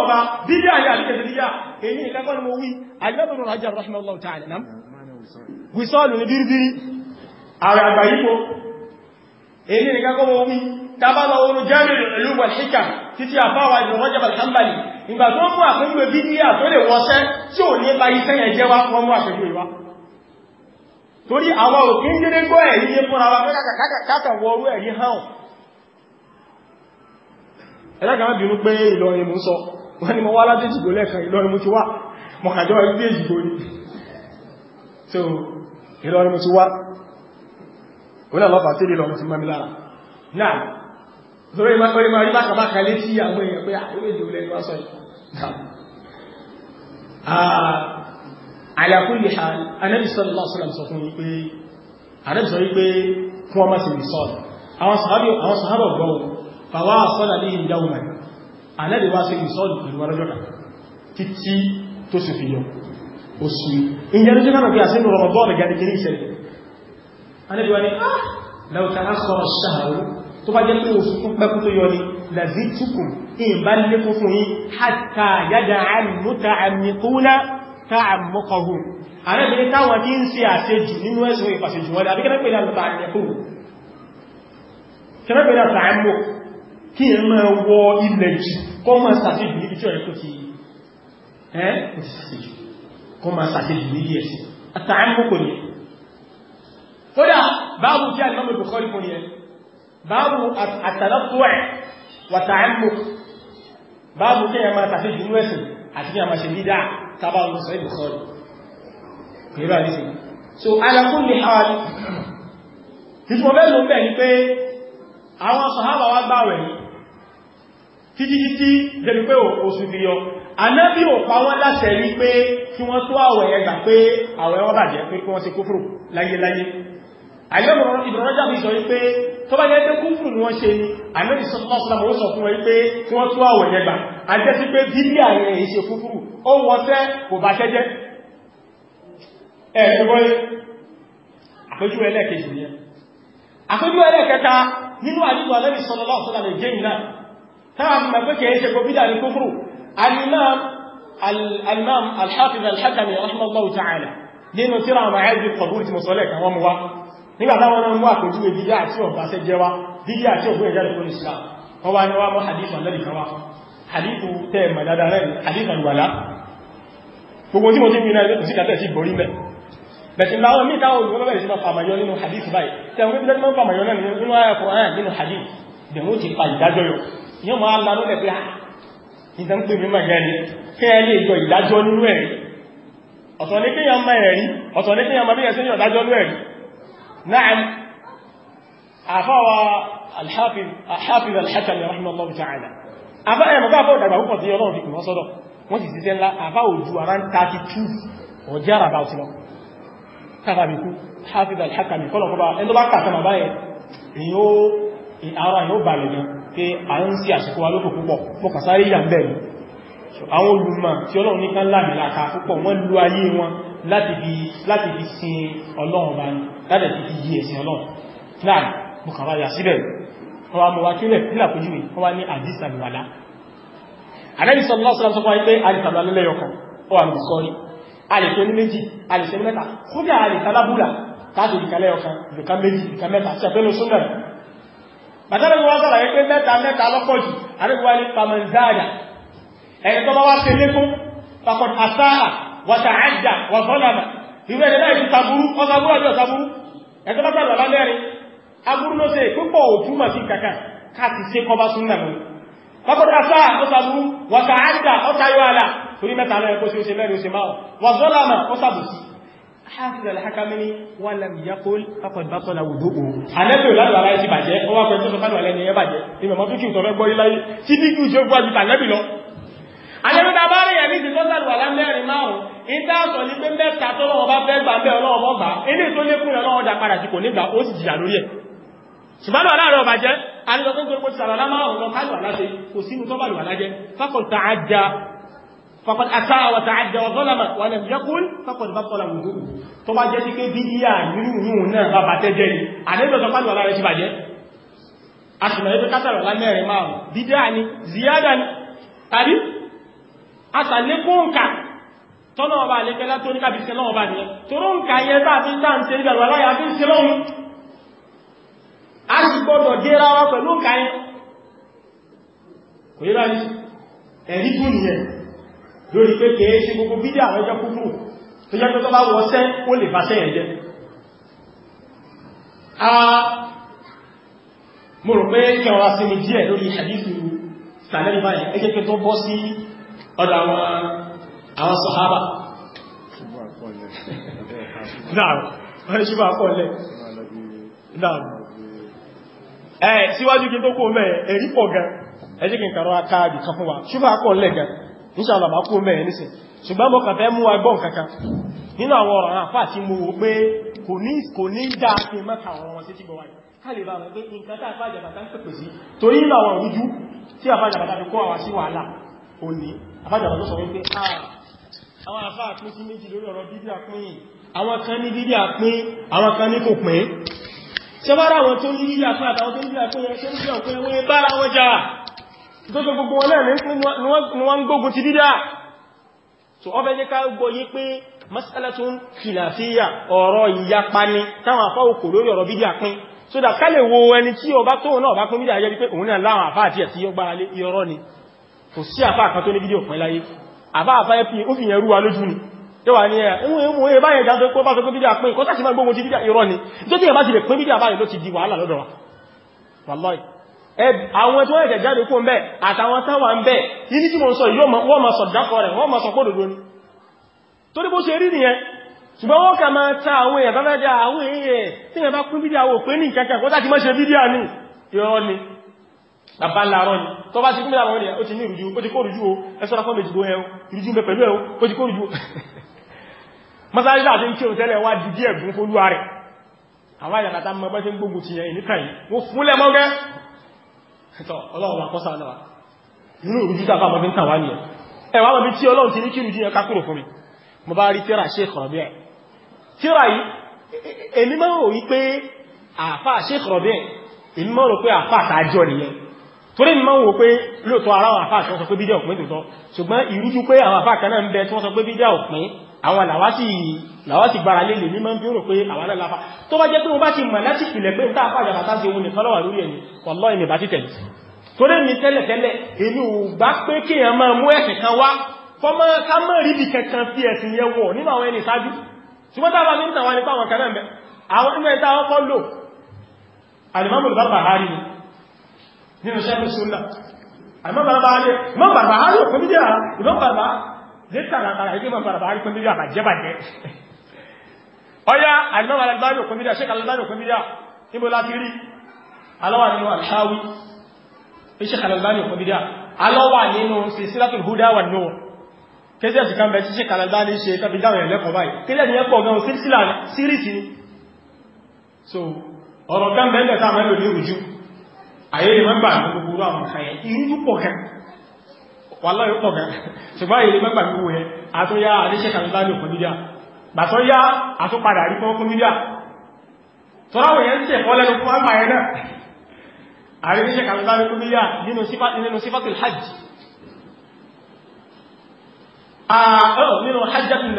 ọba bídí àyà àdíkẹ̀ẹ́ bídí à èyí ìkẹ́kọ́ ni mo wí àjẹ́bẹ̀rún rajá rahimahullahu ta'ala nam wisọ́ọ̀lù ní bíríbírí ààrẹ àgbà yípo èyí ìkẹ́kọ́ mo wí tábàlọ oru jẹ́rìn ìlú wàlíkà títí àfáwà ìlú Rajab al-Hanbali ìgbà tó mú àpéjúwe bídí à tó lè wọ́sẹ́ tí ò ní bá iṣẹ́ yẹn jẹ́ wá wọ́n mú àpéjúwe wá torí àwọn òkè ń gẹ́gẹ́ gbọ́ ẹ̀rí yé fúnra wa kákàwọ̀ orú ẹ̀rí hàn ẹ̀lẹ́gbàmá bínú pé Ìlọrin mú wọ́n ni mo wá láti ìjìgbò lẹ́kàn Ìlọrin mo ti wá mọ̀ àjọ ilé ìjìgbò ni so Ìlọrin mo ti wá wọ́n lọ́pàá tí Ìlọrin ti mọ́mí lára náà lórí ìmọ̀kọ́rí máa rí bákàbákà lé sí àwọn èèyàn pé àwọn èdè olè wá sọ ah, ala kulli hal Ànábì sallallahu alaihi wasallam sọ fún wípé Ànábì sọ wípé kí wọ́n má sì rí ní ìdáwò mẹ́rin ànẹ́bì wá sí ìsọ́lù pẹ̀lú ọlọ́jọ́ta títí tó sì fi yọ oṣù ìyẹn lójú náà bí a sínú rọmọdọ́ọ̀lù gẹ́gẹ́ kiri ìṣẹ̀lẹ̀ ànẹ́bì wá ní láwùta lásọ̀rọ̀ ṣàhàrú tó bá jẹ́ pé oṣù tó pẹ́kú tó yọ ni làzí tukùn ìbá lékún fún yí hàtà yàdà àmúta àmìkúnlá ta àmúkọ̀hù ànẹ́bì ní táwọn tí ń ṣe àṣejù nínú ẹ̀sùn ìpàṣejù wọn àbíkẹ́ kí ẹ máa wọ ilẹ̀ jù kọ́ máa sàfihàn níbi tí ọ̀rẹ́ tó ti ẹ́ kò sì sàfihàn kọ́ máa sàfihàn níbi ẹ̀sìn àtàámọ́kò ní kódà báàbù kí àìmọ́mù Bukhari fún yẹn báàbù àtàlọ́pọ̀ ẹ̀ wàtàámọ́k báàbù kí ẹ máa sàfihàn nínú ẹ̀sìn àti kí a máa ṣe nídà tábàlù sọ Bukhari pẹ̀lú àdísìn so alákùnlé hàwàlì títí wọ́n bẹ́ẹ̀ ló bẹ́ẹ̀ ni pé àwọn sọ̀hábà wá gbáwẹ̀ yìí títí títí jẹ́bi pé oṣù fi yọ anábí ò pa wọ́n láṣẹ rí pé kí wọ́n tó àwẹ̀ ẹgbà pé àwẹ̀ wọ́n bàjẹ́ pé kí wọ́n ṣe kúfùrù láyéláyé àyẹ́mọ̀rọ̀ ìbìrọ̀lọ́jà mi ni wọ́n ṣe ni àmẹ́rì sọ́tọ́sọ́lọ́mọ̀ ó sọ fún wọn wípé kí wọ́n tó àwẹ̀ ẹgbà a jẹ́ sí pé bíbí àyẹ̀ èyí ṣe kúfùrù ó wọ́n fẹ́ kò bá ṣẹ́ jẹ́ ẹ̀ẹ́dẹ́gbọ́n àpéjú ẹlẹ́ẹ̀kejì nìyẹn táàmà pé kìí ṣe kòbídà ní kúfùrù alimam alimam alhafiz alhakami rahimahullahu ta'ala nínú tíra àwọn àyájú kọbúrú tí mo sọ lẹ́ẹ̀kan wọ́n mú wá nígbà táwọn náà mú àpèjúwe bídíà tí ò bá ṣe jẹ́ wá bídíà tí ò gbé ìjáde fún islam wọ́n wá ní wá mọ́ hadith ọ̀lẹ́lì kan wá hadith tẹ́ mọ̀ dáadáa rẹ̀ hadith alwala gbogbo tí mo ti wíná ẹgbẹ́ sí kàtẹ́ sí borí mẹ́ bẹ̀tí láwọn mí táwọn olùgbọ́n bẹ̀rẹ̀ sí máa fàmàyọ nínú hadith báyìí tẹ́wọ́n pé bí lẹ́tí máa fàmàyọ náà nínú ayà Kùránì nínú hadith bẹ̀rún ti pa ìdájọ́ yọ yóò máa lanú lẹ̀ pé à ìdá ń pè mí màgá ni kí ẹ lè gbọ́ ìdájọ́ nínú ẹ̀rí ọ̀tọ̀ ní kéèyàn máa ẹ̀rí ọ̀tọ̀ ní kéèyàn máa bí ẹ̀sẹ̀ yàn dájọ́ nínú ẹ̀rí náà àfáwa alhafiz alhakan rahimahullah ta'ala àfá ẹ̀mọ̀ bá fọ́ ìdàgbà púpọ̀ sí ọlọ́run fi kùn wọ́n sọ́dọ̀ wọ́n sì ṣiṣẹ́ ńlá àfá òjú ara ń ta ti pé a ń sí àṣíkò wa lókò púpọ̀ mọ́kànsáré yà ń bẹ̀rẹ̀ àwọn olùmọ̀ tí ọlọ́run ní kan láàrin láta púpọ̀ wọ́n lú ayé wọn láti fi sin ọlọ́run bá ní láti fi yí ẹ̀sìn ọlọ́run náà mọ́kànlá yà síbẹ̀ wọ́n mọ̀ wá kí lẹ̀ nílà kojú mi wọ́n wá ní àdísà lùwàlá àrẹ́bí sọ lọ́sọ̀rọ̀ sọ fún pé àdìsà lọ́lá lẹ́yọkan ó wà lùsọ́ rí àlèṣe ní méjì àlèṣe mẹ́ta kódà àlèṣe alábùlà táàtò ìkàlẹ́yọkan ìdùkà méjì ìdùkà mẹ́ta sí àpẹ́lú sódà bàtàrà bí wọ́n sọ̀rọ̀ yìí pé mẹ́ta mẹ́ta lọ́pọ̀ jù àdébí wọ́n ní pàmẹ́ndáàdà ẹni tó bá wá ṣe lékún pàkọ̀tà àsáà wàtà àjà wàsọ́nàmà ìwé ẹ̀dá ìfi sàbúrú ọba búrọ̀ bí ọ̀sàbúrú ẹ̀tọ́ bàtà bàbá mẹ́rin aburú ló ṣe púpọ̀ òtún mà sí kàkà káàkiri ṣe kọba sún nà mọ́ pàkọ̀tà àsáà ọ̀sàbúrú wàtà àjà ọ̀tayọ̀ àlà torí mẹ́ta lọ́yẹ̀ kó ṣe ó ṣe mẹ́rin ó ṣe máa wàsọ́nàmà ọ̀sàbùsì حافظ الحكمي ولم يقل فقد بطل وضوءه anabi o lálùwàlá ẹ ti bàjẹ́ ó wá pẹ̀lú sọ́kọ́ lálùwàlá ẹni ẹ bàjẹ́ ni màmá tó kí ìtọ́ fẹ́ gbọ́ yí láyé tí bí kí ìṣòfò àjùtà anabi lọ. anabi ta bá rí ẹni ìṣòfò lálùwàlá mẹ́rin márùn-ún ìta sọ ní pé mẹ́ta tó lọ́wọ́ bá fẹ́ gbà bẹ́ẹ̀ ọlọ́wọ́ bá ilé tó lé fún sí kò márùn-ún lọ kálù àlá kò sínú tó bàlù àlá ajá faqad asaa wa ta'adda wa zalama wa lam yaqul faqad batala wudu'u tó bá jẹ́ sí pé bídíà nínú yìí náà bá bàtẹ́ jẹ́ ni àdébẹ̀ sọ pálọ̀ lára ti bàjẹ́ a sì mẹ́rin pé kásàrọ̀ lá mẹ́rin márùn bídíà ni ziyada ni tàbí àtàlékóǹkà tọ́nà ọba àlékẹ́lá tó ní kàbí sílọ́wọ́ bá nìyẹn toró ń ka yẹ bá fi tàn sí ìgbàlọ́ láyé àfi sílọ́wọ́ a sì gbọ́dọ̀ gẹ́ra wa pẹ̀lú ń ka yẹn kò yíra ní ẹ̀rí tún nìyẹn lórí pé kèé ṣe gbogbo bídíà àwọn ẹjọ́ kúrú tó jẹ́ pé tó bá wọ́sẹ́ ó lè fàṣẹ́ ẹ̀jẹ́ a mo rò pé kí ọ̀rọ̀ asinmi díẹ̀ lórí hadithu sàlẹ́rì báyìí ẹjẹ́ pé tó bọ́ sí ọ̀dọ̀ àwọn sọ̀hábà síwájú kí tó kó mẹ́ ẹ̀rí pọ̀ gan ẹjẹ́ kí n kàrọ akáàbì kan fún wa ṣúgbà kọ́ lẹ́gàn inshallah ma kú mẹ́rin nísìn ṣùgbọ́n mo kàn fẹ́ mú agbọ́n kankan nínú àwọn ọ̀rọ̀ àfà tí mo wò pé kò ní kò ní dá kí n mẹ́ta àwọn ọmọ sí ti gbọ́wà kálẹ̀ bá wọn pé nǹkan tá àfà àjàbàtà ń pèpè sí torí nínú àwọn ìrújú tí àfà àjàbàtà fi kó àwa sí wàhálà ò ní àfà àjàbàtà sọ wípé ah, àwọn àfà àpín sí méjì lórí ọ̀rọ̀ bíbí àpín àwọn kan ní bíbí àpín àwọn kan tó tó gbogbo wọn náà ni wọ́n ń gbógun ti dídá so ọ fẹ́ jẹ́ ká gbọ́ yí pé masalatun khilafiyya ọ̀rọ̀ ìyapa táwọn afọ́ òkò lórí ọ̀rọ̀ bídí àpín so dà ká lè wo ẹni tí ọba tóun náà bá pín bídí àyẹ́bí pé òun náà láwọn àfáà tí ẹ̀ tí ó gbára lé irọ́ ni kò sí àfáà kan ni yóò wà ní ẹ̀ ń mú ẹbá yẹn jáde kó bá sọ pé bídí àpín kó sá sí máa gbógun ti bídí irọ́ ni tó tí àwọn tí wọ́n ẹ̀kẹ̀ jáde kó ń bẹ́ àtàwọn táwà ń bẹ́ yìí tí mo ń sọ yìí wọ́n ma sọ dákọ̀ rẹ̀ wọ́n ma sọ pọ́dòdó ní torí bó ṣe rí nìyẹn ṣùgbọ́n wọ́n kà máa ta àwọn èèyàn bábá jẹ́ àwọn èèyàn tí wọ́n bá pín bídí àwọn òpin ní kẹ́kẹ́ kó tàbí mọ́ṣe bídí à ní ìrọ́ ni bàbá làárọ̀ ni tó bá ti kún láwọn ènìyàn ó ti ní ìrújú ó ti kó ìrújú o ẹsọ́ra fún méjìgbó ẹ̀ ìrújú ń bẹ pẹ̀lú ẹ̀ ó ti kó ìrújú mọ́sáájú àti ń kírun tẹ́lẹ̀ wá di díẹ̀ gún fólúwa rẹ̀ àwọn àyàkàtà mọ́ bọ́ sí gbógun ti yẹn ìníkà yìí tọ́ ọlọ́run bá kọ́sà náà nínú ìrújú tàbá ọmọdé ń tàn wá nìyẹn ẹ̀wà mọ̀bí tí ọlọ́run ti ní kí ìrújú yẹn ká kúrò fún mi mo bá rí tíra Sheikh Rabi' tíra yìí e-, èmi máa ń rò wípé àáfà Sheikh Rabi' èmi máa ń rò pé àáfà àtàjọ nìyẹn torí mi máa ń wò pé lóòótọ́ ara àwọn àáfà àti wọ́n sọ pé bídíà òpin tòótọ́ ṣùgbọ́n ìrújú pé àwọn àáfà kan náà ń bẹ tí wọ́n sọ pé bídíà òpin àwọn làwátì gbára lè lè ní máa ń bí ó rò pé àwọn aláàlá tó bá jẹ́ pé wọ́n bá ti mọ̀ láti pìlẹ̀ pé ń tàà pàjá bàtà sí ohun nìkan lọ́wà lórí ẹni wallahi ìmìbá ti tẹ̀lẹ̀ tó lè ní tẹ́lẹ̀tẹ́lẹ̀ èmi ò bá pé kí èèyàn máa mú ẹ̀sìn kan wá fọ́mọ́ ká mọ́ ríbi kankan fi ẹ̀sìn yẹn wọ̀ nínú àwọn lẹ́tà àràbàrà ìgbé mọ̀bàrà bá rí kún bídá àbàjẹ́ bàjẹ́ ọya àìmọ́bà alágbàrí òkun bídá ṣe kàlágbàrí òkun bídá níbo láti rí alọ́wà nínú alháwí ṣe kàlágbàrí òkun bídá alọ́wà nínú sí sílátùl húdá wà nù kéjẹ́ sì kan bẹ̀ ṣe kàlágbàrí ṣe tàbí dáwọn ẹ̀lẹ́kọ̀ọ́ báyìí kéjẹ́ ni ẹ̀pọ̀ gan sílá sírìsì ni so ọ̀rọ̀ kan bẹ̀ẹ́ wàlá yóò pọ̀ gan ṣùgbọ́n èyí mẹ́gbà gbogbo yẹn àtúnyá àdíṣẹ́ kàmíláàmì òkú mídíà gbàtọ́ yá àtúnpadà rí fún mídíà tọ́láwọ̀ yẹn tẹ̀ kọ́ lẹ́nu fún àmà ẹ̀ náà àríṣẹ́ kàmíláàmì òkú mídíà nínú sífàtìl hajj nínú hajjatun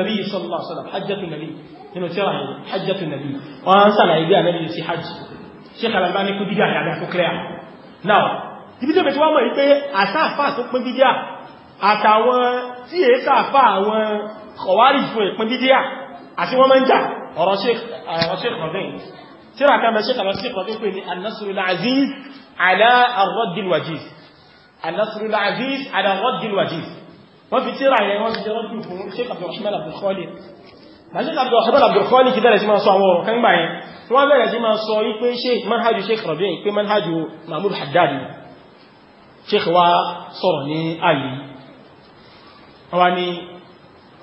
nabi sallallahu alaihi wasallam hajjatun nabi nínú tírà ibi tí ó bẹ̀tí wá mọ̀ wípé àṣáàfà tó pín bídíà àtàwọn tí è sàfà àwọn kọ̀wárì fún ìpín bídíà àti wọ́n máa ń jà ọ̀rọ̀ sheikh rodin tí ra kàmẹ́ sheikh àwọn sheikh rodin pè ní anasrul aziz ala arrodil wajiz anasrul aziz ala arrodil wajiz wọ́n fi tíra yẹn wọ́n fi jẹ́ rọ́dùn fún sheikh abdulrahman abdulkhali Màṣíkà àbúrò ọ̀ṣẹ́bọ̀lá Abdulkhali kí bẹ̀rẹ̀ sí máa sọ àwọn ọ̀rọ̀ kan sheikh wa sọ̀rọ̀ ní ayé wọ́n ni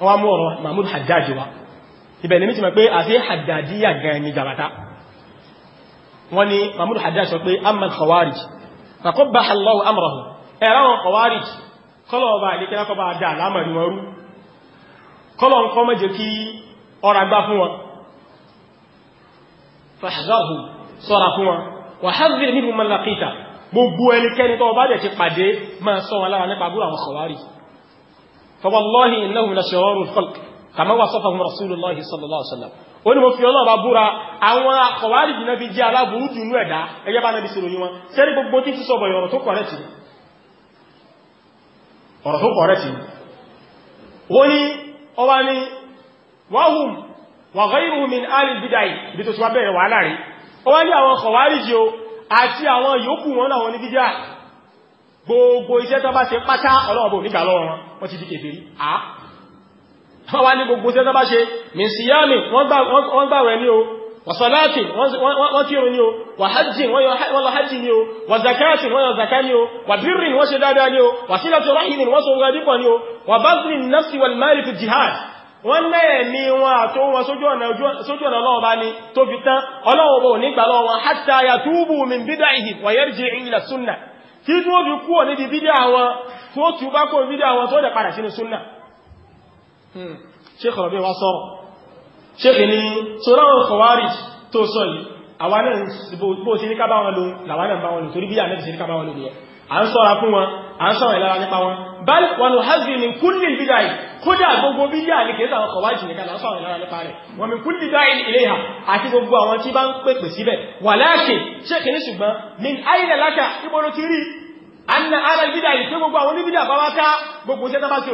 wọ́n mú ọ̀rọ̀ mahmud haddadi wa ibẹ̀ ni mi ti mọ̀ pé àti haddadi yà gan ni jàbátá wọ́n ni mahmud haddadi sọ pé amal khawarij takọ́bà allahu amrahu ẹ̀rọ àwọn khawarij kọ́lọ̀ ọba bá dá alámàrí wọn rú kọ́lọ̀ gbogbo ẹnikẹ́ni tó bá dẹ̀ ti pàdé máa sọ wọn lára nípa búrú àwọn kọwárì fọwọ́lọ́hìn ináhùn lọ́sọ̀rọ̀ rúfọ́lk kàmọ́wà sọ́fàhùn rasulullahi sallallahu alaihi wasallam ó ní mo fi ọlọ́ọ̀bá búra àwọn kọwárì jìnà bí jẹ́ aláburú jù nú ẹ̀dá ẹgbẹ́ bá nàbí sèrò ní wọn sẹ́rí gbogbo títí sọ̀bọ̀ ọ̀rọ̀ tó kọ̀rẹ́ tì ọ̀rọ̀ tó kọ̀rẹ́ min alìbìdáì bí tó ti wá bẹ̀rẹ̀ wà láàrin ó wá ní àwọn kọwárì jì o àti àwọn yòókù wọn láwọn ní bídíà gbogbo iṣẹ́ tó bá ṣe pátá ọlọ́ọ̀bọ̀ nígbà lọ́wọ́ wọn wọ́n ti di kèfèrí à wọ́n wá ní gbogbo iṣẹ́ tó bá ṣe mìsíyàmì wọ́n gbàwẹ̀ ní o wàsọ̀láàtì wọ́n kírun ní o wàhájì wọ́n lọ hajji ní o wàzàkáàtì wọ́n yọ zàká ní o wàbírìn wọ́n ṣe dáadáa ní o wàsílẹ̀ tó ráhìnì wọ́n so gbadípọ̀ ní o wàbázlin nafsi wal mali fi jihad wọ́n lẹ́ẹ̀ ní wọn àtó wọn sójú ọ̀nà ọlọ́wọ́ bá ní tó fi tán ọlọ́wọ́ bó nígbà lọ́wọ́ wọn hatta yatubu min bid'ihim wa yarji'u ila súnnà kí tí ó fi kúrò níbi bídá wọn tó tú bá kó bídá wọn tó dẹ̀ padà sínú súnnà hmm. ṣe kọ̀rọ̀bí wá sọ́rọ̀ à ń sọ́ra fún wọn à ń sọ̀rọ̀ ìlara nípa wọn báyìí wọn ló hajj ní kúlì bídà yìí kódà gbogbo bídà ní kìí sàwọn kọ̀wájì nìkan à ń sọ̀rọ̀ ìlara nípa rẹ̀ wọn mi kúlì bídà yìí ilé ha àti gbogbo àwọn tí bá ń pèpè síbẹ̀ wà láàkè ṣé kìíní ṣùgbọ́n ní ayílẹ̀ lákà ibo ló ti rí anna ara bídà yìí pé gbogbo àwọn oníbídà bá wá ká gbogbo iṣẹ́ tábà ṣe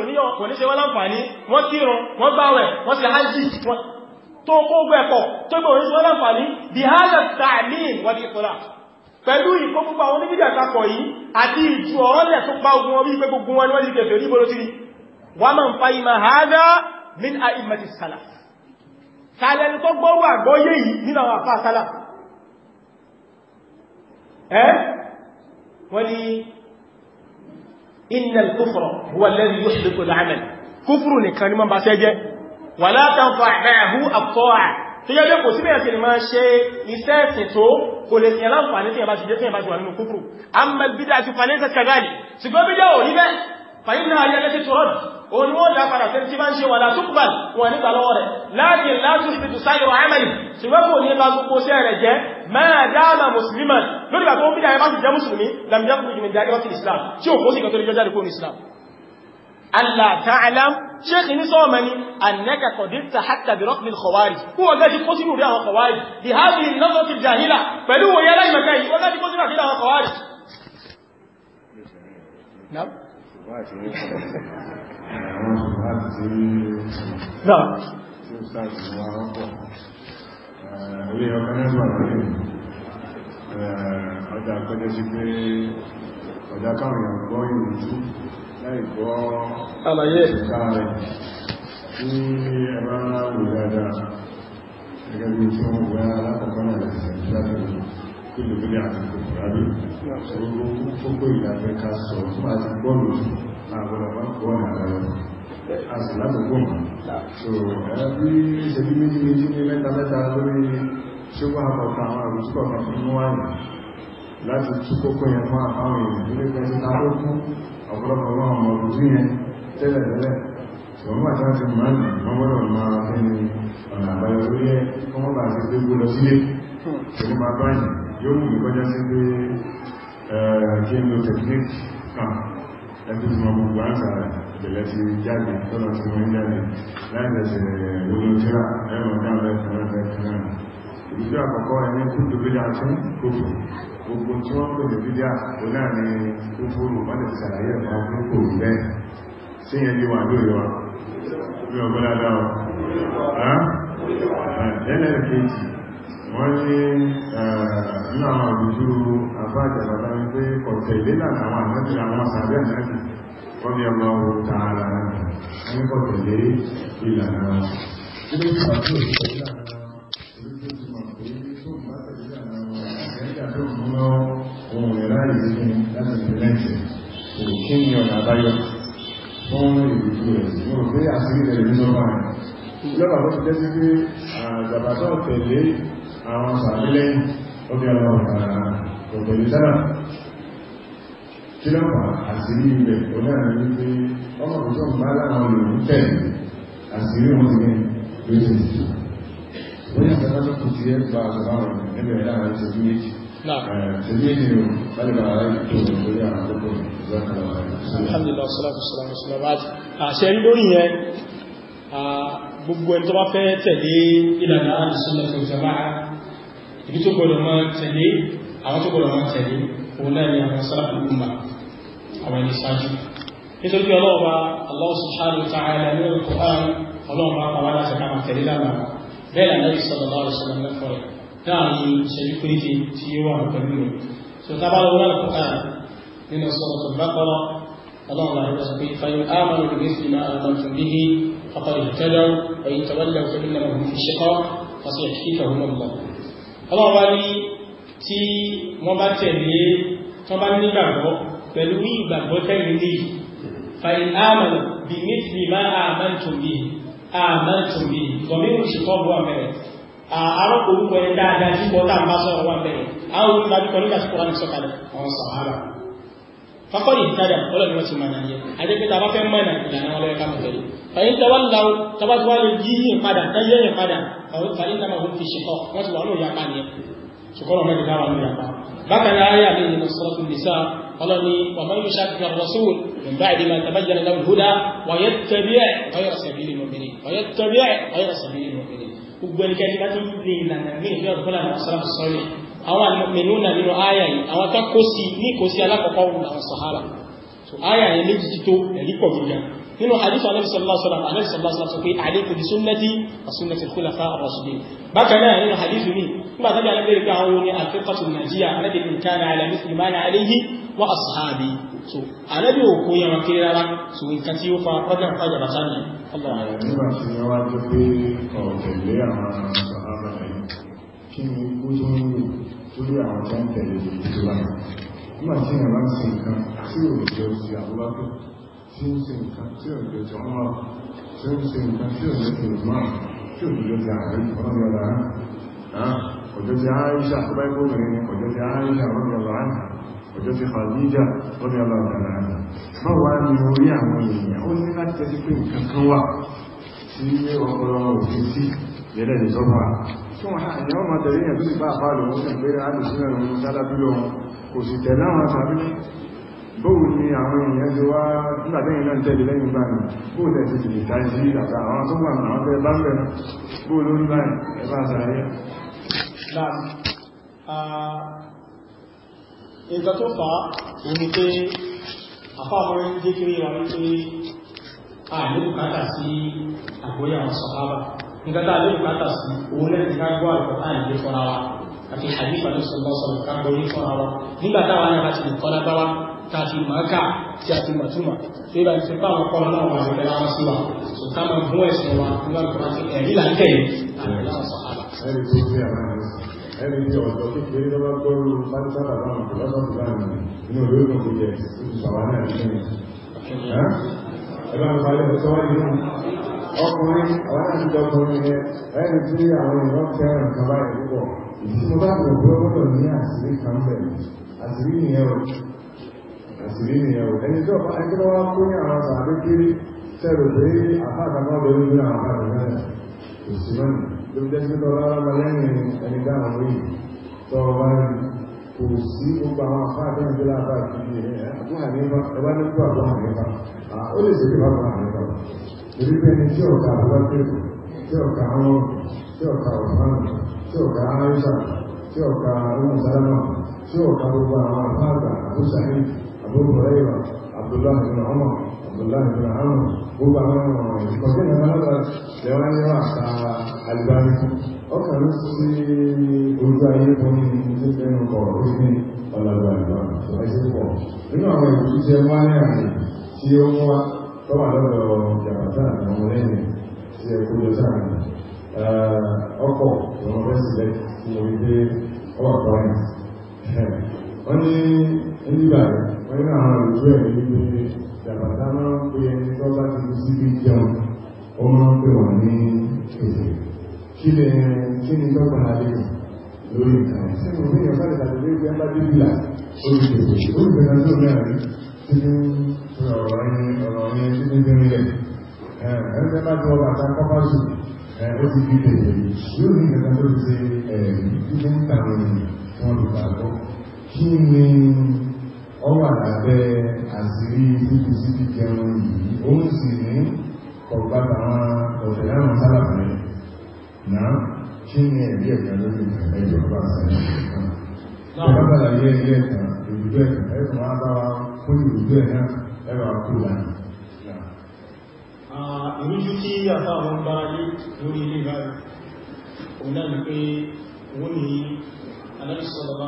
wọ́n pẹ̀lú ìkópúpa oníbídà takọ̀ yìí àti ìjú ọ̀rọ̀lẹ̀ tó pa ogun orí pé gbogbo wọn wọ́n ìgbẹ̀fẹ̀ ní ìbòrò tìrì wọ́n mọ̀ ń fa ìmọ̀ àádá min àìmọ̀tí sálà tààlẹ̀ni tó gbọ́rù àgbọ́yé ni innal kufra huwa tó yẹ́ pé kò sí bẹ̀rẹ̀ sí ni máa ṣe iṣẹ́ ẹ̀sìn tó kò lè sí aláǹfààní tí ẹ̀bá ti jẹ́ fún ẹ̀bá ti wà nínú kúfùrù amma bídá àti fanẹ́sẹ̀ kàgáàlì ṣùgbọ́n bídá ò rí bẹ́ẹ̀ fàyínà ayé lẹ́sẹ̀ tó rọ̀dù òun wọ́n dá padà fẹ́ tí bá ń ṣe wà látúkùbà wọn nígbà lọ́wọ́ rẹ̀ láti láti fi tù sáyọ̀ àmàlì ṣùgbọ́n kò ní bá gbogbo sí ẹ̀rẹ̀ jẹ́ máa dáàmà mùsùlùmí lórí bàtọ́ bídá ẹ bá ti jẹ́ mùsùlùmí tí ò Allah ta'alam ṣéèkì ní sọ́ọ̀mọ́ ni annaka kọ̀díta hatta bi rọ́pìlì kọwàrí kú ọjọ́ ti kó sínú rí àwọn kọwàrí bí ha bí lọ́sọ̀ ti jàhílà pẹ̀lú wòye aláìmọ̀ká yìí ọjọ́ ti kó sínú àkílà àwọn kọwàrí ọjà kọjẹ́ sí láìgbọ́ àlàyé ìta rẹ̀ ní ẹ̀bá rẹ̀ dáadáa gẹ́gẹ́ bí tí wọ́n gbá alákọ̀ọ́kọ́ náà láti sàtìláàrí kúlùmílì àti kòkòrádé ṣogbó tó pé ìlàfẹ́ ká sọ fún àti gbọ́lù àgbọ̀lọ̀pá gbọ́nà rẹ̀ a sì láti gbọ́nà so ẹbí ìṣẹ́bí méjì méjì ní mẹ́ta mẹ́ta lórí ṣíwá àkọ̀ọ̀kan àwọn àrùsùkọ̀ kan fún wáyé láti túkọ́kọ́ yẹn fún àwọn èèyàn nílé pẹ́sí tábọ́kún ọ̀pọ̀lọpọ̀ wọn ọmọ òkútí yẹn tẹ́lẹ̀ tẹ́lẹ̀ ṣùgbọ́n bá ti máa ń wọ́n gbọ́dọ̀ máa fẹ́ ni ọ̀nà àbáyọ tó yẹ kọ́mọ́ bá ti gbé gbó lọ sílé ṣùgbọ́n máa báyìí yóò mú mi kọjá sí pé kí n lo technique kan ẹbí tí wọn gbogbo àṣà ìbẹ̀lẹ̀ ti jáde tọ́nà tí wọ́n jáde láìlẹ̀ṣẹ̀ lórí tíra ẹ̀rọ dáàbẹ̀ kanáà ìgbìjọ àkọ́kọ́ ẹni kúndùbílà tún kófò gbogbo tí wọ́n pè ní bídá ọ̀nà ni kúfúrù wọ́n lè sàlàyé ẹ̀mọ́ púpọ̀ rẹ̀ sí yẹn ní wà lórí wa ní ọgbọ́lá dáwọ́ lẹ́lẹ́kẹ́jì wọ́n ní ní àwọn àbújú àbájàbàbá ń pé kọ̀tẹ̀ ìlélànà àwọn àmọ́jì àwọn sàbẹ̀ àmọ́jì wọ́n bí ọmọ ọwọ́ tààrà ní kọ̀tẹ̀lé ìlànà No, lọ ohun ìráyè sí láti ìpínlẹ̀tì kò kí ni ọ̀nà àbáyọ fún ìrìnkú rẹ̀ sí mo pé àṣírí rẹ̀ ní sọ́bà rẹ̀ lọ́wọ́ tó fi tẹ́sí pé àgbàbàtọ̀ tẹ̀lé àwọn sàmílẹ̀ ọdún ọlọ́run ọ̀tẹ̀lẹ̀ sára kí lọ́pàá àṣírí ibẹ̀ onáàrin wípé ọmọ òjò ń bá láwọn olùrùn tẹ̀lé àṣírí wọn ti ní lóṣèlú wọ́n yàtọ̀ lọ́pàá tó ti ẹ́ gba àṣàbáwọn ẹgbẹ̀rẹ̀ láàrin ìṣẹ́jú méjì Eh, Alhamdulillah, salatu salamu salamu àṣẹ rí lórí yẹn gbogbo ẹni tó bá fẹ́ tẹ̀lé ìlànà àdìsọ́lọ̀ tó jẹba ibi tó gbọdọ̀ mọ́ tẹ̀lé àwọn tó gbọdọ̀ mọ́ tẹ̀lé òun náà ni àwọn sáàpù gbùmà àwọn ẹni sáájú nítorí pé ọlọ́ọ̀bá Allah subhanahu wa ta'ala láàrin ìṣẹ́jú péréje tí ó wà pẹ̀lú rẹ̀ so tá bá lọ wọ́n kọ́ta nínú sọ̀rọ̀ tó bá kọ́ ọlọ́run láàrin sọ pé fayọ ámàlù lè fi máa àwọn tó bí i ọkọ̀ ìtẹ́lẹ̀ ẹ̀yìn tọ́lẹ̀ tó nílẹ̀ ọ̀hún fi ṣẹ́kọ́ fọ́sẹ̀ kíkà wọn lọ ọlọ́run wá ní tí wọ́n bá tẹ̀lé tó bá nígbàgbọ́ pẹ̀lú ìgbàgbọ́ tẹ̀lé ní fayọ ámàlù bí mí fi máa àmà tó bí àmà tó bí gọ̀mí òṣìkọ́ bọ́ àmẹ́rẹ̀ àárọ̀pọ̀ orúkọ ẹ dáadáa sí bọ́tà bá sọ̀rọ̀ wà bẹ̀rẹ̀ àwọn olùdarí kan nígbà tí kọ́ra ní sọ̀kalẹ̀ àwọn sàhárà fakọ́ ní ìtajà ọlọ́ni wọ́n ti mọ̀ ti wà lóòyà pa nìyẹn ṣùkọ́ lọ́mọ ìdílé wà lóòyà pa bákan náà ayé àmì gbogbo ẹnikẹ́ni bá ti ń lè ìlànà mí ìfẹ́ ọ̀dọ́ lànà sọ́lá sọ́rí àwọn àmẹ́nu náà nínú àyà yìí àwọn tá kó sí ní kó sí alákọ̀ọ́kọ́ wọn làwọn sọ̀hárà so àyà yẹn méjì tító ẹ̀rí pọ̀ gíga nínú hadith anabi sallallahu alaihi wasallam anabi sallallahu alaihi wasallam sọ pé alaykum bi sunnati wa sunnati al-khulafa ar-rashidin bákan náà nínú hadith mi nígbà tàbí anabi rẹ̀ pé àwọn oní al-firqatu an-najiyya anabi in kana ala mithli ma ana alayhi wa ashabi so anabi ò kó yẹn kiri rárá so nǹkan tí ó fa ọjà fàjà bàtà ni. nígbà tí ẹ wá tó pé ọ̀tẹ̀lé àwọn sàhábà yìí kí ni ó tó ń lò lórí àwọn tó ń tẹ̀lé ìjọba nígbà tí ẹ bá ń sin nǹkan tí ò jẹ́ àbúrò tí ó ṣe nǹkan tí ó lè jọ mọ́ tí ó ṣe nǹkan tí ó lè jọ mọ́ tí ó lè jọ àárín ọ̀rọ̀ yọ̀lá ọjọ́ ti àáríṣà tó bá ikú rẹ̀ ọjọ́ ti àáríṣà ọ̀rọ̀ yọ̀lá ọjọ́ ti fàdíjà ọ̀rọ̀ yọ̀lá ọ̀dàlá bá wà ní orí àwọn èèyàn ó ní láti tẹ́sí pé nǹkan kan wà tí ọpọlọ òfin sí yẹ́lẹ̀ lè sọ́fà tí wọ́n àyẹ́ ọmọ tẹ̀lé yẹn tó sì bá àpá lòun sí pé àdùsílẹ̀ òun dálábílò kò sì tẹ̀lé àwọn àṣàbílẹ̀ bóò ni àwọn èèyàn ti wá nígbàtẹ́yìn náà tẹ́lẹ̀ lẹ́yìn gbà ní bóò tẹ́sí ti lè dáì sí àti àwọn tó wà náà tẹ́ bá bẹ̀rẹ̀ bóò lórí báyìí ẹbá sàárẹ́ ìgbà tó fà ó ní pé àfáàmọ́rẹ́ ń jẹ́ kiri wọn pé àìlébùkátà sí àgbóyà àwọn sọ̀hábà nígbà tá àìlébùkátà sí òun lẹ́yìn ká gbọ́ àgbọ̀ àìlé fọ́nra wa àti àdífà tó sọ lọ́sọ̀rọ̀ tàbí màákà tí a ti màtúmà tí ó bá ti bá àwọn náà wà lọ́dẹ lára sí wa tó ká máa gún ẹ̀sìn wa nígbà tó bá ti ẹ̀rí là ń tẹ̀lé àwọn ìlànà sọ̀hálà. ẹni tó ẹni tí ọ̀dọ́ kékeré ló bá gbọ́rú pátápátá àwọn ìlọ́sọ̀tún láàrin inú ìlú ìlú yẹ ìṣàwá náà ní ẹ̀yìn. ẹ bá ń parí ọ̀sọ́ wáyé náà ọkùnrin àwọn àjọ ọkùnrin yẹn ẹni tí àwọn èèyàn fẹ́ràn kan báyìí púpọ̀ ìdí tó bá gbọ́dọ̀ ní àṣírí kan bẹ̀rẹ̀ àṣírí nìyẹn o àṣírí nìyẹn o ẹni tó bá ẹgbẹ́ wá kó ní àwọn sàbẹ́ kiri tẹ́rù pé àfáàkàmọ́ bẹ̀rù ní àwọn àgbẹ̀rẹ̀ kò sí mọ́nì ló jẹ́ sí tọ́lá ọmọ lẹ́yìn ẹni dáhùn wí tọ́ wá ní kò sí gbogbo àwọn afáàkẹ́ ìgbé láàbà kiri àbúrò àníbá ẹbá ní kú àbúrò àníbá ó lè ṣe kí bá bọ̀ àníbá torí pé ẹni tí ọ̀ka àbúrò tí ọ̀ka àwọn tí ọ̀ka ọ̀fáàmù tí ọ̀ka aráyíṣà tí ọ̀ka ọmọ sálámà tí ọ̀ka gbogbo àwọn afáàkà àbúrò Abu Hurairah, Abdullah bin Umar, Abdullah bin Amr, gbogbo àwọn ọ̀rọ̀ ìkọ̀sí ìrìn alága lẹ́wọ́n ní àṣà àlùbáyé. Ọkàn ló sí ojú ayé fún ní ní fẹ́ràn kọ̀ ó ní ọ̀làgbà àgbà ẹ̀sìn pọ̀. Nínú àwọn ìlú jẹ wá ní àmì tí ó mú wa tó wà lọ́dọ̀ Jàbátà àwọn lẹ́yìn tí ẹ kó lọ sáà ọkọ̀ ìrànlọ́sílẹ̀ tí mo rí pé ọwọ́ wọ́n ní ẹnìgbà wọ́n ní àwọn ìlú ẹ̀ ní ilé ìjàbàtà máa ń pè ẹni tó bá ti kú síbi jẹun ó máa ń pè wọ́n ní èdè kí lè kí ni tó gbọ́n alẹ́ lórí ìtàn sí mo ní ìyọ̀fẹ́ ìtàkùn lórí ìgbẹ́ bá dé bìlà lórí ìgbẹ́ lórí ìgbẹ́ náà tó mẹ́rin tí ní ọ̀rọ̀ yẹn ọ̀rọ̀ yẹn tí ní gbẹ́rin yóò ní ìgbẹ́ tó ti ṣe ẹ̀rí tí ní ìtàkùn wọn lù bàtọ́ kí ni ọwà lábẹ́ àṣírí títí síbi jẹun yìí ó ń sì ní ọgbà àwọn ọ̀fẹ́ láwọn sábàbà rẹ̀ náà kí ni ẹ̀rí ẹ̀ka lórí ẹjọ́ ọba àṣàyàn kan ọba àlàyé ẹ̀rí ẹ̀ka ìrújú ẹ̀ka ẹ̀ka máa bá wa kó ìrújú ẹ̀ náà ẹ̀rọ àkó lánà. ìrújú tí àtàwọn bára lé lórí ilé ìbáyìí òun náà ni pé wọ́n ní aláìsọ̀rọ̀ bá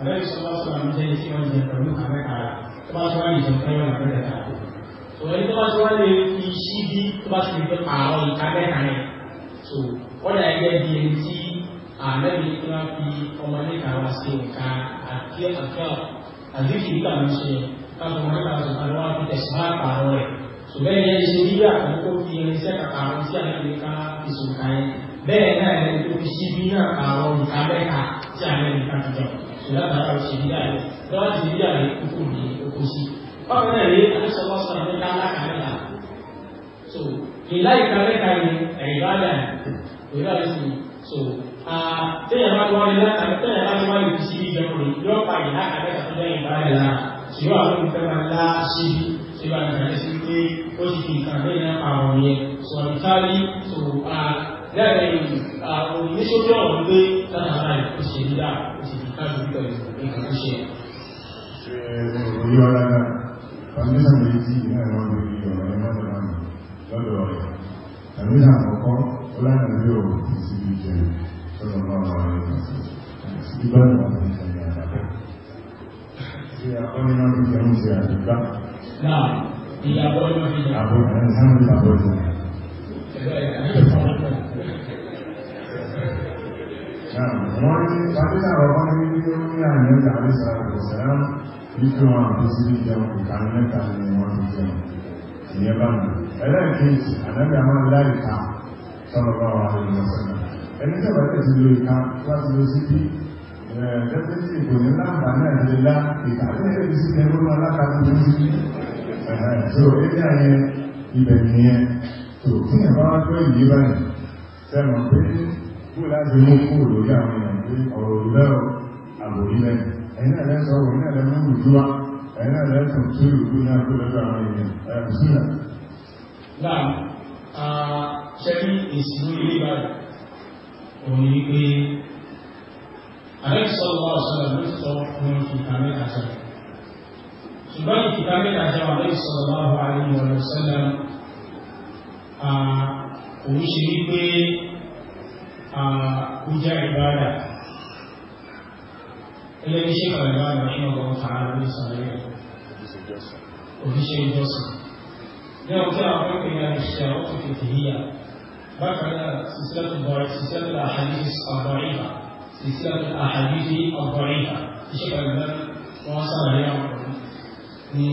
Àbẹ́rẹ́ ìṣọ́lá sọ̀rọ̀ àmì jẹ́ tí wọ́n jẹ pẹ̀lú àmẹ́ta tó bá tó wá ní ìjọba yọ̀ àmẹ́ta. Sọ̀rọ̀ yìí tó bá tó wá lè So wọ́n dà gẹ́gẹ́ bí ẹni tí àmẹ́rin tí wọ́n fi ọmọ níta wá sí ìka àti àkọ́ àdúgbò nígbà mi ṣe káàtó wọn So bẹ́ẹ̀ ni ẹni ṣe bí àkókò fi irinṣẹ́ kàkà àwọn tí àmẹ́rin ká fi sùn ká yẹn. Bẹ́ẹ̀ náà ẹni tó fi ṣí so látara òṣèlú lọ́wọ́ ti rí àrẹ kúkú ní oko sí náà rí alẹ́sọ̀rọ̀ sọ̀rọ̀ ní kálákà mẹ́ta so ìlà ìka mẹ́ta ni ẹ̀yìnbá dà ní ìlà ìsìn so téèyàn bá ti láta téèyàn bá ti wá ní ìjọ rẹ̀ yóò pa ìlà ìka tó jẹ́ ìbá rẹ̀ lára sì yóò àwọn olùfẹ́ máa lá síbi tí bá ti rẹ̀ sí pé ó ti fi nǹkan mẹ́rin pa àwọn yẹn so láti pẹ̀lú nǹkan tó ṣe. Ìyọ́ra foundation wọ́n ní tàbílà ọ̀pọ̀ ní wípé ó ní àmì ẹ̀ta àríṣà àgbẹ̀sẹ̀rá wípé wọn àbí sí ìjẹun ìkàrí mẹ́ta ni wọ́n ti jẹun ìyẹn bá mi ẹlẹ́ẹ̀kejì ànábì a máa láì ká sọ̀rọ̀ bá wà ní ìlọ́sọ̀nà ẹni tí wọ́n tẹ̀sí lo ìka láti lo sí bí ẹ̀ẹ́dẹ́gbẹ́sì kò ní láǹbà náà ti lá ìka lẹ́yìn sí ẹni ó máa láka tó sí bí ẹ̀ẹ́dẹ́gbẹ́sì ilé ayẹ ibẹ̀ nìyẹn tó fún ìbáwá tó ìyí báyìí sẹ́wọ̀n pé kú láti mú kú lórí àwọn èèyàn pé ọ̀rọ̀ olùbẹ́rọ̀ àbòrílẹ̀ ẹ̀yìn náà lẹ́sọ̀ ọ̀rọ̀ ní ẹ̀lẹ́ mẹ́rin ìjúwá ẹ̀yìn náà lẹ́sọ̀ tó ìlú náà kú lọ́dọ̀ àwọn èèyàn ẹ̀rù sílẹ̀. náà ṣe ní èsì lórí ilé báyìí òun pé àlẹ́sọ̀ ọ̀rọ̀ ọ̀sọ̀rọ̀ ló sọ fún ìkà mẹ́ta jẹ́ ṣùgbọ́n ìkà mẹ́ta jẹ́ àlẹ́sọ̀ ọ̀rọ̀ àwọn àlẹ́ ó jẹ́ ìbáradà ẹlẹ́ni ṣe kàlẹ̀ bá àwọn ẹ̀yìn ọgbọ̀n tààrà ní ìsàlẹ̀ òfíṣẹ́ ìjọsìn ní ọjọ́ àwọn ẹgbẹ̀rẹ̀ àìṣẹ́ àwọn òfìfì híyà bákan náà sísẹ́lẹ̀ àhàdìs àbọ̀rìhà sísẹ́lẹ̀ àhàdìs àbọ̀rìhà iṣẹ́ kàlẹ̀ bá wọn sàlàyé àwọn ní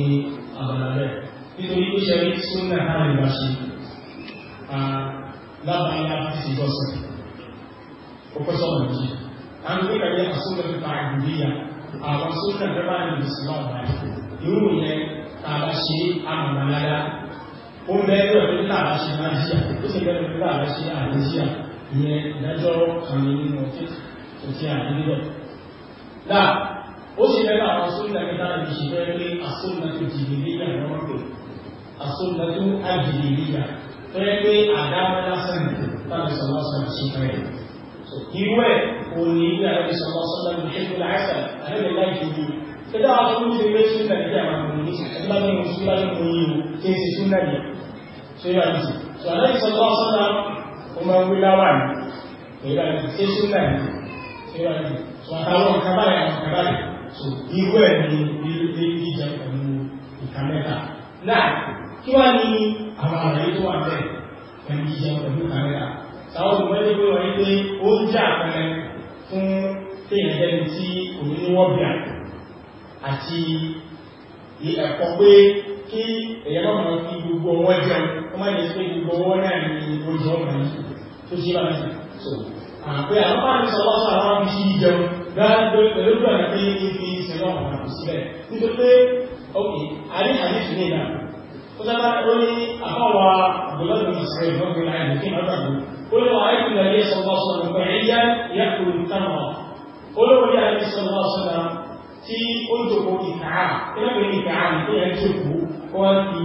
àbàlẹ̀ nítorí ó ṣe rí súnmọ́ ìbáṣe lábàáyé láti ìjọsìn professor Manji. An gbéra yẹ asúnlẹ̀ nípa àgbègbè àwọn asúnlẹ̀ bẹ́rẹ̀ ní ìsìnlẹ̀ ọ̀dà. Irú yẹn tá a bá ṣe amọ̀nàlára. Ó bẹ́ẹ̀rẹ̀ ọ̀dọ́ nílà bá ṣe máa ṣíà, ó sì bẹ́ẹ̀rẹ̀ nílà bá ṣe àlè ṣíà. Ìyẹn ìdájọ́ kan ní nínú òfin àdílẹ̀. Dà ó sì bẹ́ẹ̀rẹ̀ àwọn asúnlẹ̀ nípa ìṣẹ̀fẹ́ ní asúnlẹ̀ tó jìbìlíyà lọ́wọ́ asúnlẹ̀ tó àjìbìlíyà. Fẹ́ẹ́ pé àdámọ́ lásán irú ẹ̀ òun ní ilé àrẹ́bí sọ̀rọ̀ sọ́dọ̀ ní ṣẹ́kùn àìsàn àrẹ́bí láì fi bí ṣẹ́dá àwọn tó ń fi wé sí ìgbà nígbà máa mú ní ìgbà ní oṣù láti mú yìí o kí n sì tún náà yìí ṣé yóò àti ṣọ àrẹ́bí sọ̀rọ̀ sọ́dọ̀ ó máa ń wí láwà ní ìgbà ní ṣé tún náà yìí ṣé yóò àti ṣọ àtàwọn kábàlẹ̀ táwọn olùmọ́lé pé wọ́n pé ó ń jà pẹ́rẹ́ fún téèyàn jẹ́ni tí òní ní wọ́n bìà àti ẹ̀kọ́ pé kí èyàn máa máa fi gbogbo ọwọ́ jẹun ó má lè pé gbogbo ọwọ́ náà ní ojú ọmọ yìí tó ṣe máa ń sọ àpẹ àwọn máa ń sọ wọ́n sọ àwọn fi jẹun gbáàgbé pẹ̀lú ìgbà pé ibi ìṣẹ̀lẹ̀ ọ̀hún àkùn sílẹ̀ nítorí pé ókè àrí àdéhùn ní ìlànà ó sábà ó ní àbáwá àbúlọ́dún ìṣẹ̀lẹ̀ ìfọ́nbìnrin àìlèkè náà gbàgbọ́ قل رأيت النبي صلى الله عليه وسلم بعيدا يأكل التمر قل لي النبي صلى Ti عليه وسلم tí ó jòkó ìtàá ẹgbẹ́ ìtàá ní pé ẹ Ti kó wá fi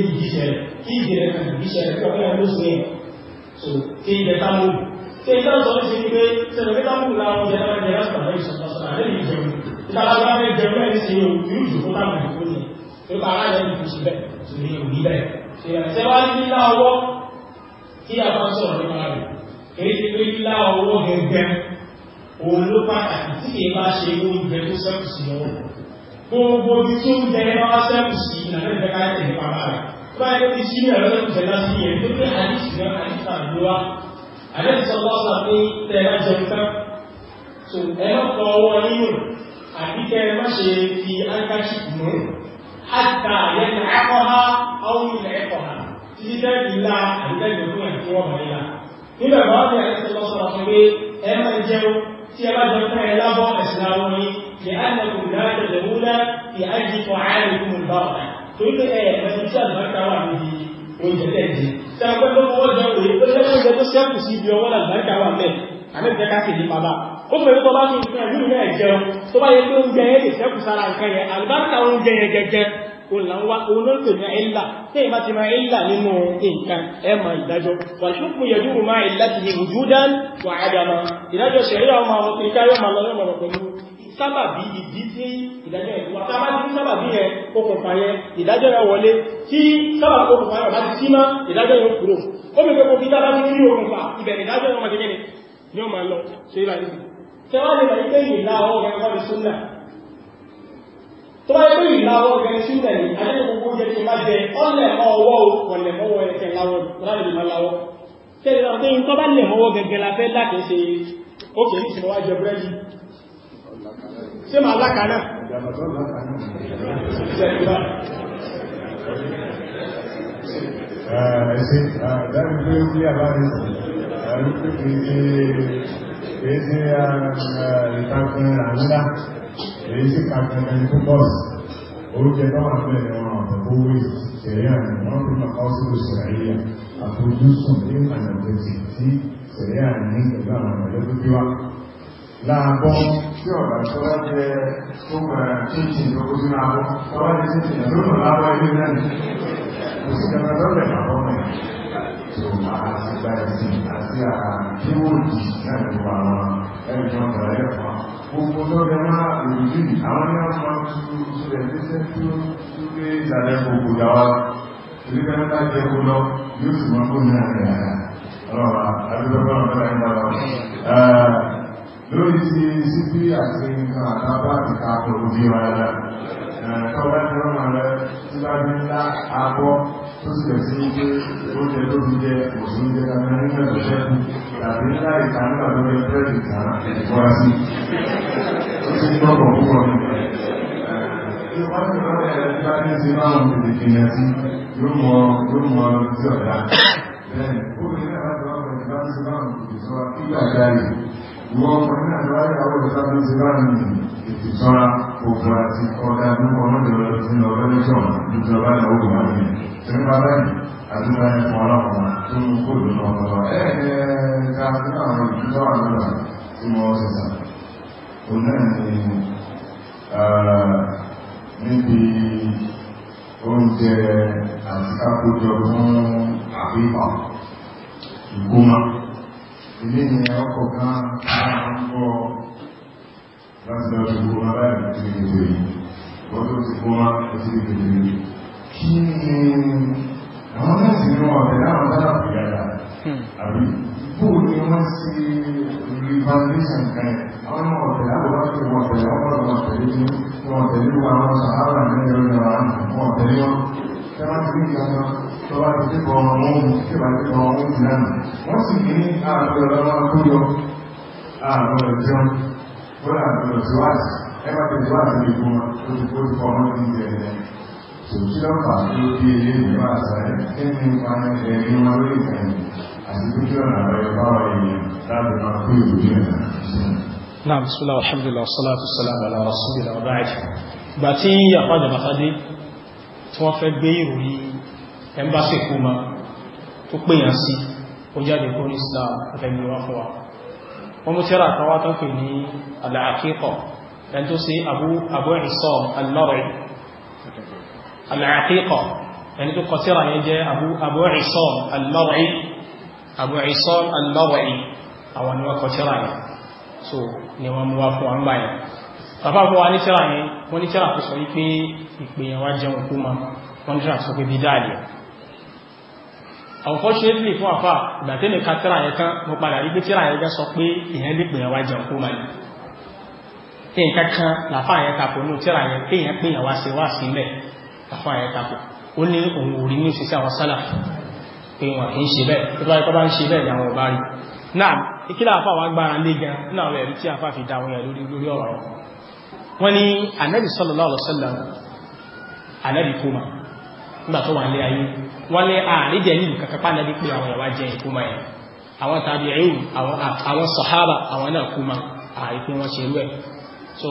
ìdí rẹ̀ Ti fi lé ìdí ṣẹlẹ̀ kí ìdí rẹ̀ kan ìdí ṣẹlẹ̀ kí ọ̀pẹ́ ẹ̀rọ Ti yẹn so kí ìdẹ táwọn olù ṣe ìdá sọ Ti ṣe ní pé ṣẹlẹ̀ pé táwọn olù làwọn jẹ náà jẹ láti pàdé ìṣọ̀tọ̀ sọ̀rọ̀ àlẹ́ yìí jẹun ìtàlá Ti fẹ́ jẹun ẹ̀ ṣe o yóò jòkó táwọn olù kó ní tí a bá sọ̀rọ̀ nípa rẹ̀ èyí ti pé lílá owó gẹ́gẹ́ òun ló pàtàkì tí kì í bá ṣe oúnjẹ tó sẹ́kù sí lọ́wọ́ gbogbo ibi tí oúnjẹ yẹn bá sẹ́kù sí ìlànà ìfẹ́ ká tẹ̀lé pàmà rẹ̀ tó bá yẹ kí sí ìlànà ìfẹ́ ká sí yẹn tó pé àdìsí náà àdìsí àdúrà wa àdìsí sọ́kọ́ sà pé tẹ̀ ẹ bá jẹun tán so ẹ má kọ ọwọ́ nínú àbí kẹ́ ẹ má ṣe fi áńkáṣì mú àtà yẹn ní ẹ̀kọ́ ha ọ́n títí tẹ́ẹ̀kì ńlá àdìtẹ́ẹ̀kì fún ẹ̀ tí wọ́n mọ̀ nílá nígbà bá wọ́n ti àti sọ́sọ́ sọ́ra fún pé ẹ máa jẹun tí ẹ bá jẹun fún ẹ lábọ́ ẹ̀sìn láwọn ní kí á nà kù náà tẹ̀lẹ̀ wúlá kí á jí fún àárín fún ìbá ọ̀tá torí pé ẹ ẹ̀mẹ́tí tí àlùbáríkà wà níbi oúnjẹ tẹ̀jì tí a pẹ́ lọ́wọ́ jẹun bàbá ó fẹ́ tó bá tún nǹkan tó bá yẹ pé oúnjẹ yẹn lè ṣẹ́kù sára nǹkan yẹn àlùbáríkà oúnjẹ yẹn gẹ́gẹ́ òun là ń wá òun ló ń pè ní ẹ̀là tí ìbá ti máa ẹ̀là nínú nǹkan ẹ máa ìdájọ́ wà tí ó kún yẹjú mú máa ẹ̀là ti ní wujudan wà ádámà ìdájọ́ ṣẹ̀ríà ọmọ àwọn kiri káyọ̀ máa lọ lọ́mọ̀rọ̀ pẹ̀lú sábàbí ìdí tí ìdájọ́ ìwà tá a bá ti sábàbí yẹn okùnfà yẹn ìdájọ́ yẹn wọlé tí sábàbí tó bá yẹ pé ìlàwọ̀ rẹ̀ sí tẹ̀lé ayé gbogbo oúnjẹ tí bá jẹ ọ̀lẹ̀ ọwọ́ ọ̀lẹ̀ mọ́wọ́ ẹ̀kẹ́ láwọ̀ láti lè máa láwọ̀ tẹ́lẹ̀ náà tẹ́yìn tó bá lẹ̀ mọ́wọ́ gẹ́gẹ́ la fẹ́ láti ṣe ókè ní ìṣẹ̀wá jẹ búrẹ́dì ṣé máa láka náà ẹ̀ṣẹ́ eh, ah, dárígbé ó bí àbárí ẹ̀rú pé kìí ṣe ah, ah, ìtàkùn àmúdá èyí sì ka dandan ní fún bọ́ọ̀sì oúnjẹ náà bẹ́ẹ̀ ni wọn àbẹ̀bọ̀ wí ṣẹ̀yà ni wọ́n fi máa kọ́ sí ìṣẹ̀yà àfojúsùn ní àyàbẹ̀sì tí ṣẹ̀yà ní ìgbà àwọn ọ̀rẹ́dọ́ bí wá láàbọ̀ tí ọ̀rọ̀ tó wá jẹ tó gbà kíkì lóko sí láàbọ̀ tó wá jẹ kíkì lóko láàbọ̀ ilé náà ni kò sí kẹta lọ́lẹ̀ láàbọ̀ náà tó máa ti gbà ẹ̀sìn àti àkíwòdì gbogbo tó rẹ máa ìrùjú àwọn ní àwọn máa tú oṣù rẹ̀ tẹ́sẹ̀ tí ó lé ìsàlẹ̀ gbogbo dáwà torí ká mẹ́ta jẹ́ kó lọ yóò sì máa fún náà rẹ̀ ọ̀rọ̀ àdúgbò ọ̀rọ̀ lórí ti síbí àti nǹkan àtàbà àti káàkiri ojú ìwà dáadáa tọ́wọ́ tí wọ́n máa rẹ síwájú ńlá abọ́ tó sì lẹ̀sí wípé oúnjẹ tó fi jẹ òsì oúnjẹ kankan ní ẹ̀rọ ṣẹ́kù tàbí ńlá ìta nígbà tó lè fẹ́ ìta wá sí ó sì gbọ́kọ̀ púpọ̀ ní bí wọ́n ti rọ́ ẹ̀ bá ní ti máa ń tètè jìnà sí yóò mọ yóò mọ sí ọ̀dà bẹ́ẹ̀ ni ó lè ní àwọn ìbámu sí máa ń tètè sọ ìwọ ọkùnrin náà lọ́wọ́ ìyàwó ìsáfẹ́ ti bá ní ìtìsọ́ra òkú àti ọ̀dà nípa ọlọ́dọ̀ọ́lọ́ ti lọ lọ́lọ́jọ́ ìjọba ìyàwó ìwà ní ìrìnà báyìí àti báyìí fún ọlọ́pàá tó ń kó lọ́nà ọ̀pọ̀lọ́ ẹ̀ẹ́dẹ́ka fún àwọn ìjọba àgbà tí wọ́n sẹ̀sà òun náà ni níbi oúnjẹ àti kákójọ fún ilé ni ọkọ̀ kan láàrín fọ́ láti lọ sí gbogbo aláìsí ti gbogbo yìí wọ́n tó ti fún wa ó sì ti gbogbo yìí kí ni àwọn náà sì ní ọ̀rẹ́ láwọn dára pè yára àbí bó ni wọ́n sí revaluation kan àwọn náà ọ̀rẹ́ láwọn bá fi wọ́n tẹ̀lé wọ́n tẹ̀lé wọ́n tẹ̀lé wọ́n tẹ̀lé wọ́n sàárà mẹ́rin ọ̀rẹ́ wọn tẹ̀lé wọn tẹ́wàtí ìjọba tọ́wà ìdíkọ̀ ọmọ ohun tí wà ní ọmọ ohun ìlànà wọ́n sì ní ààbẹ̀ ọlọ́wọ́ kúrò ààbẹ̀ ìjọun bọ́lá ààbẹ̀ ìjọwàsì ẹgbà tó ìjọwàsì lè gún wọn tó ti kó ti fọ́ ọmọ ní ilẹ̀ ilẹ̀ tòkí lọ́pàá tó bí ilé ìjọba àṣàrẹ̀ kí ni tí wọ́n fẹ́ gbé ìròyìn ẹmbásí kú ma tó pèyàn sí ó jáde kó ní Islam ọ̀fẹ́gbẹ̀wá fún wa wọ́n mú tíra àkọwà tó pè ní al-Aqiqah ẹn tó sí Abu Isam al-Mar'i àwọn ni wọ́n kọ tíra yẹn so ni wọ́n mú wá fún wa ń báyìí bàbá fún wa ní síra yẹn wọ́n ní síra kò sọ wípé ìpèyàn wá jẹun kú ma wọ́n ní síra sọ pé bí dáàlì unfortunately fún àfà ìgbà tẹ́lẹ̀ ka tíra tán mo padà rí pé tíra yẹn jẹ́ sọ pé ìyẹn lè pèyàn wá jẹun kú ma ni tí nǹkan kan làfà yẹn tako ní tíra yẹn pé yẹn pèyàn wá sí wá sí mẹ́ làfà yẹn tako ó ní òun ò rí ní òṣìṣẹ́ àwọn sálà pé wọn kì í ṣe bẹ́ẹ̀ tó bá yẹ kó bá ń ṣe bẹ́ẹ̀ ni àwọn ò bá rí náà ìkílà àfà wa gbára lé gan náà rẹ̀ rí tí àfà fi da yẹn lórí ọ̀rọ̀ wọ́n ní ànábì sallallahu alaihi wasallam ànábì kúmà nígbà tó wà ní ayé wọ́n ní àríjẹ̀ ah, yìí kàkàpá ànábì pé àwọn ìwà jẹ́ ìkúmà yẹn náà kúmà àìkú wọn ṣe rú ẹ̀ so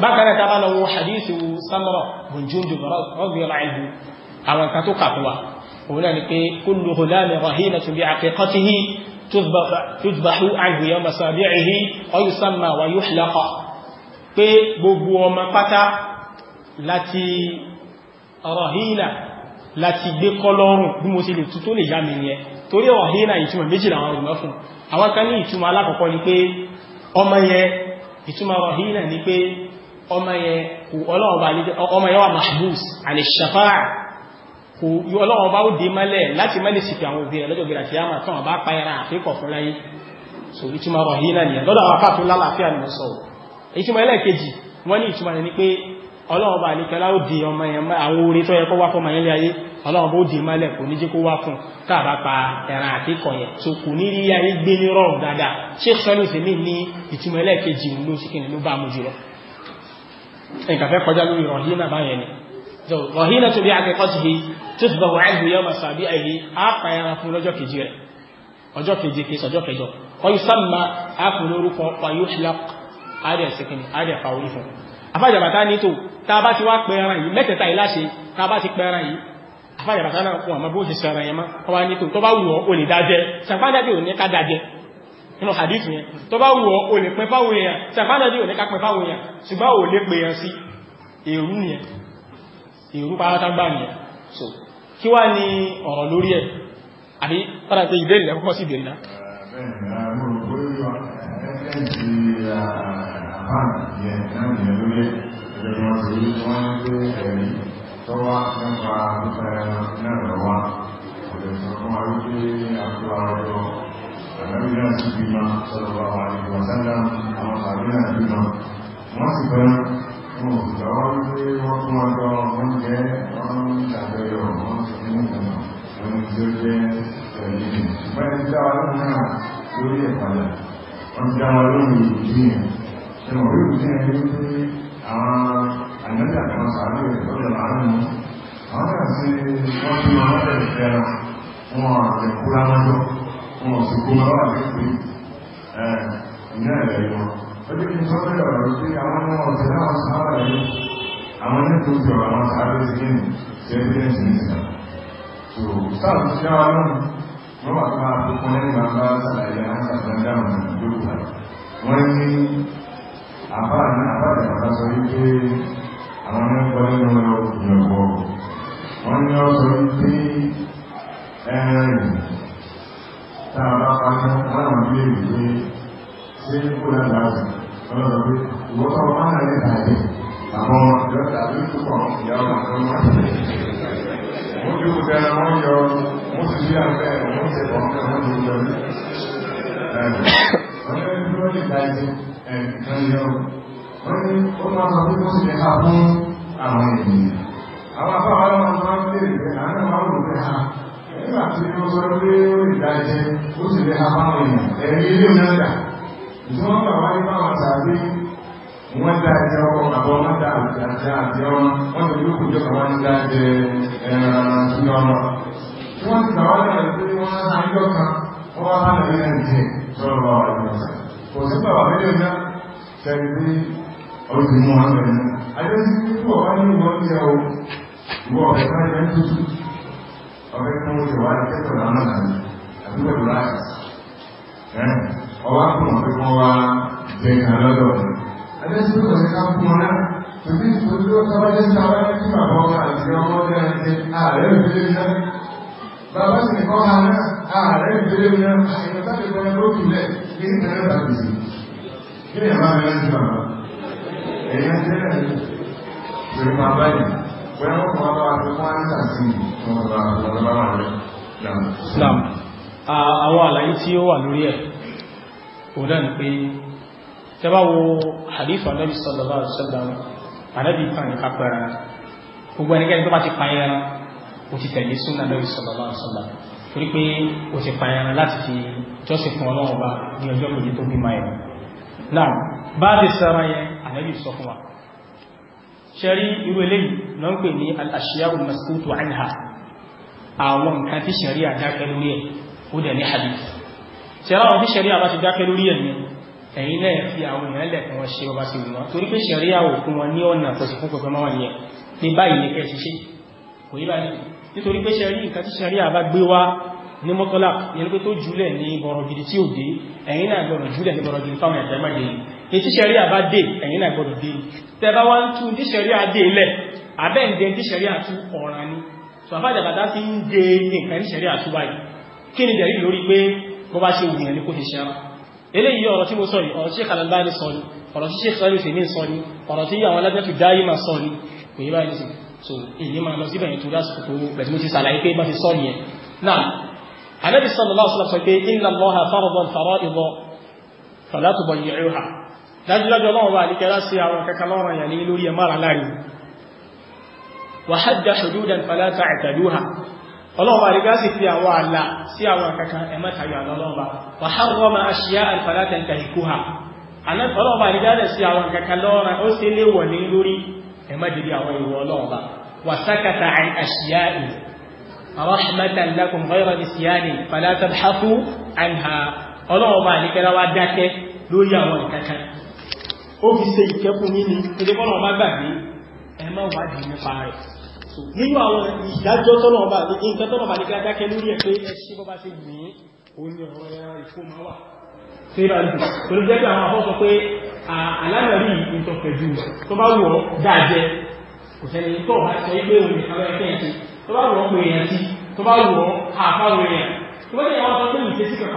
bákan náà tábà lọ wo hadithu samra bin jundub radiyallahu anhu àwọn kan tó kàkó wa òun náà ni pé kullu ghulamin rahinatun bi pé gbogbo ọmọ pátá láti rọ̀hílà láti gbé kọlọ́rùn bí mo sì lè tutó lè yá mi ní ẹ torí rọ̀hílà ìtumọ̀ méjì làwọn olùmọ̀ fún àwọn kan ní ìtumọ̀ alákọ̀ọ́kọ́ ni pé ọmọ yẹn ìtumọ̀ rọ̀hílà ni pé ọmọ yẹn wà mahbus alìṣàfáà ọlọ́wọ́ bá ó dé mọ́lẹ̀ láti mọ́lẹ̀ sí pé àwọn òbí rẹ̀ lọ́jọ́ gbèrà tí a máa tán ọba pa ẹran àfíkọ̀ fún so ìtumọ̀ ẹlẹ́ẹ̀kejì wọ́n ní ìtumọ̀ rẹ̀ ni pé ọlọ́run bá nìkẹ́lá ó di ọmọ yẹn àwọn oore tó yẹ kó wá fọmọ yẹn lé ayé ọlọ́run bó di mọ́lẹ̀ kò ní jẹ́ kó wá fún káàbá pa ẹran àkíkọ̀ yẹn tó kù ní rí ayé gbé ní rọrùn dáadáa ṣé sọ́nù ìsẹ̀mí ní ìtumọ̀ ẹlẹ́ẹ̀kejì ló sì kìnnì ló bá mu jùlọ. nǹkan fẹ́ kọjá lórí rọ̀hínà báyẹn ni rọ̀hínà tó bí akẹ́kọ̀ọ́ ti tó ti bọ̀wọ̀ àìgbò yọmọ sàbí àyè àpá ẹran àádẹ́ síkìní àádẹ́ fa orí fún afájàbàtà ní tó tá a bá ti wá pẹran yìí mẹ́tẹ̀ẹ̀ta ìláṣe tá a bá ti pẹran yìí afájàbàtà náà fún àmọ́ bó ṣe sọ ara yẹn mọ́ wọ́n wá ní tó tó bá wù ọ́ o lè dájẹ́ sàfádàbí ò ní ká dájẹ́ nínú hadith yẹn tó bá wù ọ́ o so kí wá ní ọ̀rọ̀ lórí ẹ̀ àbí padà pé lẹ́kọ́kọ́ sí ìbéèrè náà ဘာဉာဏ်ဉာဏ်ဉာဏ်လို့ရဲ့ဒီမှာဒီဝိုင်းကိုအဲဒီသောဝသံဃာဘုရားနာတော်ဝါဒီသောမဝိတိအပ္ပလာတော်အနုရစီဘီမာဆလဝါဝါဒီဝဆန္ဒမ်အမသာရဏဒီမာမသဗံဟောတော်ဒီဝတ်မတော်မင်းရဲ့အံတတော်ရောမင်းရဲ့မင်းရဲ့အဲဒီမန္တာရဏဒုရပါလားအံတာရုံးကြီးကျွန်တော်တို့ဒီနေ့အာအနန္တကောင်စာလို့ပြောကြတာနော်ဘာသာစင်ဘာသာတဲ့ဆရာဟောတယ်ကုလားမတော့ဟောစုကုမာရတယ်အဲညလည်းရောဘယ်လိုဆိုရလဲဒီအမှန်တော့ဆရာစားတယ်အမှန်နဲ့သူပြောတာစားလို့ရှိရင်စေတနာရှိနေတာသူစသဖြင့်ဘောကဘာကိုလည်းမမစားရအောင်ဆက်ကြံကြမယ်ဒီလိုပါဝိုင်း àbá ní àbá ìjọba sọ wípé a bá pàtó wọ́n ní wọ́n lè gba ẹsẹ̀ ẹ̀ẹ̀kan lọ wọ́n ní ó máa sọ pé kó sì lẹ́ka fún àwọn ènìyàn àwọn afáwọn ọlọ́mọ máa ń bèèrè pé àwọn ọmọ ọlọ́mọ pé ha nígbà tí ó sọ pé ó lè gba ẹsẹ̀ ó sì lẹ́ka fún àwọn ènìyàn ẹ̀rí ilé náà dà ìtumọ̀ gbà wáyé báwọn tàbí wọ́n dá ẹjẹ́ ọkọ̀ àbọ̀ wọ́n dá àjẹ́ àti ọmọ wọ́n tó yóò kò jọkọ̀ wọ́n dá ẹjẹ́ ẹran àti ọmọ. wọ́n ti gbà wọ́n lẹ́yìn pé wọ́n á ń yọ̀ kan ဟောတာလည်းနည်းနည်းဆိုတော့ကိုယ်စပါဗီဒီယိုညာတယ်ဒီအဝိဇ္ဇာနဲ့အဲဒီကိုဘာလို့ဘာလို့ရောဘောကတိုင်းတိုင်းသူအမေကမို့ရွာတက်တော့လာမှာအခုကလာဟမ်ဟောကဘုရားဒေခါရတော့အဲဒီစုကစကားပြောနေသူဒီသူတို့ကဘာလဲစားတယ်ဒီမှာဘောကအကြောင်းတော့တယ်အားလည်းပြည်နေဘာပဲစကောင်းလာ ààrẹ ìdílé ní àìyàn tàbí ìpẹrẹ lókù ilẹ̀ ní ìpẹrẹ tàbí sí kí ni àmà mẹ́rin sí bàbá ẹ̀yàn tẹ́lẹ̀ pẹ̀lú bàbá yìí wọ́n yóò kọ́ bá tó wá ní tàbí ọ̀rọ̀lọ́wọ́ rẹ̀ Islam àwọn àlàyé tí ó wà lórí ẹ̀ òun náà ni pé tẹ́bá wo hadith Ànábì sallallahu alaihi wasallam Ànábì kan ní kápẹ́ra gbogbo ẹnikẹ́ni tó bá ti pa ẹran ó ti tẹ̀lé súnà Ànábì sallallahu alaihi wasallam torí pé o ti pàyàrá láti fi jọ́sìn fún ọlọ́run ọba ní ọjọ́ méje tó bí máa ẹ̀ náà bá ti sára yẹn ànábì sọ fún wa ṣẹ́rí irú eléyìí ló ń pè ní al-ashiyahu maskutu anha àwọn nǹkan tí ṣẹ̀rí àdákẹ́ lórí ẹ̀ ó dẹ̀ ní hadith ṣẹ̀rá àwọn tí ṣẹ̀rí àbá ti dákẹ́ lórí ẹ̀ ni ẹ̀yìn náà fi àwọn èèyàn lẹ̀ fún wọn ṣe ọba sí wọn torí pé ṣẹ̀rí àwò fún wọn ní ọ̀nà tó sì fún pẹ̀pẹ̀ máa wọn yẹn ní báyìí ní kẹ́ ṣiṣẹ́ kò yí báyìí nítorí pé ṣẹ̀rí nǹkan tí ṣẹ̀rí àbá gbé wá ní mọ́tọ́lá yẹn pé tó jùlẹ̀ ní bọ̀rọ̀ gidi tí ò dé ẹ̀yin náà gbọ́dọ̀ jùlẹ̀ ní bọ̀rọ̀ gidi fáwọn ẹ̀jẹ̀ yìí ètí ṣẹ̀rí àbá dé ẹ̀yin náà gbọ́dọ̀ dé tẹ́ wá ń tún tí ṣẹ̀rí àdé lẹ̀ abẹ́ǹdẹ tí ṣẹ̀rí àtú ọ̀ràn ni tó àbájáde ti ń de nǹkan tí ṣẹ̀rí àtú báyìí kí ni dẹ̀rí lórí pé bó bá ṣe wùyàn ní kò ṣe ṣe ara eléyìí ọ̀rọ̀ tí mo sọ yìí ọ̀rọ̀ tí Al-Albani sọ ni ọ̀rọ̀ tí ṣe sọ́lù sí ní sọ ni ọ̀rọ̀ tí àwọn alájẹ́ tó dáyé máa sọ ni kò so èyí máa lọ síbẹ̀ yẹn tó lásìkò tó bẹ̀tí mo ti sàlàyé pé bá ti sọ nìyẹn náà anábì sallallahu alaihi wasallam sọ pé inna Allaha farada fara'ida fala tubayyi'uha dájúdájú ọlọ́run bá àdíkẹ́ láti àwọn kankan lọ́rọ̀ yẹn ní lórí ẹ̀mọ́ ara láàrin wa hadda hududan fala ta'taduha ọlọ́run bá àdíkẹ́ sì fi àwọn àlà sí àwọn kankan ẹ̀mọ́ tàbí àwọn ọlọ́run bá wa harrama ashya'an fala tantahiquha ọlọ́run bá àdíkẹ́ sí àwọn kankan lọ́rọ̀ ó sì léwọ̀ ní lórí ẹ má débi àwọn ìwọ ọlọ́run bá wà sákàtà àìn àṣìyá ì rahmatan lakum ghayra nisyani fala tabhasu anha ọlọ́run bá àníkẹ́lá wá dákẹ́ lórí àwọn ìkankan ó fi ṣe ìkẹ́kùn yín ni ẹjẹ́ nínú àwọn ìdájọ́ tọ́lọ̀ ọba nǹkan tọ́lọ̀ ọba àníkẹ́lá dákẹ́ lórí ẹ̀ pé ẹ ṣe bọ́ òun ni ọ̀rọ̀ ẹ̀rọ ìfowópamọ́ wà ṣe é bá rí tó ló jẹ́ pé àwọn afọ́ sọ pé alámẹ̀rí ìtọ̀fẹ̀jù tó bá wù ọ́ dáadẹ́ kò sẹ́ni tó bá sọ pé òun nìkan bẹ́ẹ̀ fẹ́ẹ̀ sí tó bá wù ọ́ pé èèyàn sí tó bá wù ọ́ àfáwọ̀ èèyàn tó bá jẹ́ àwọn sọ a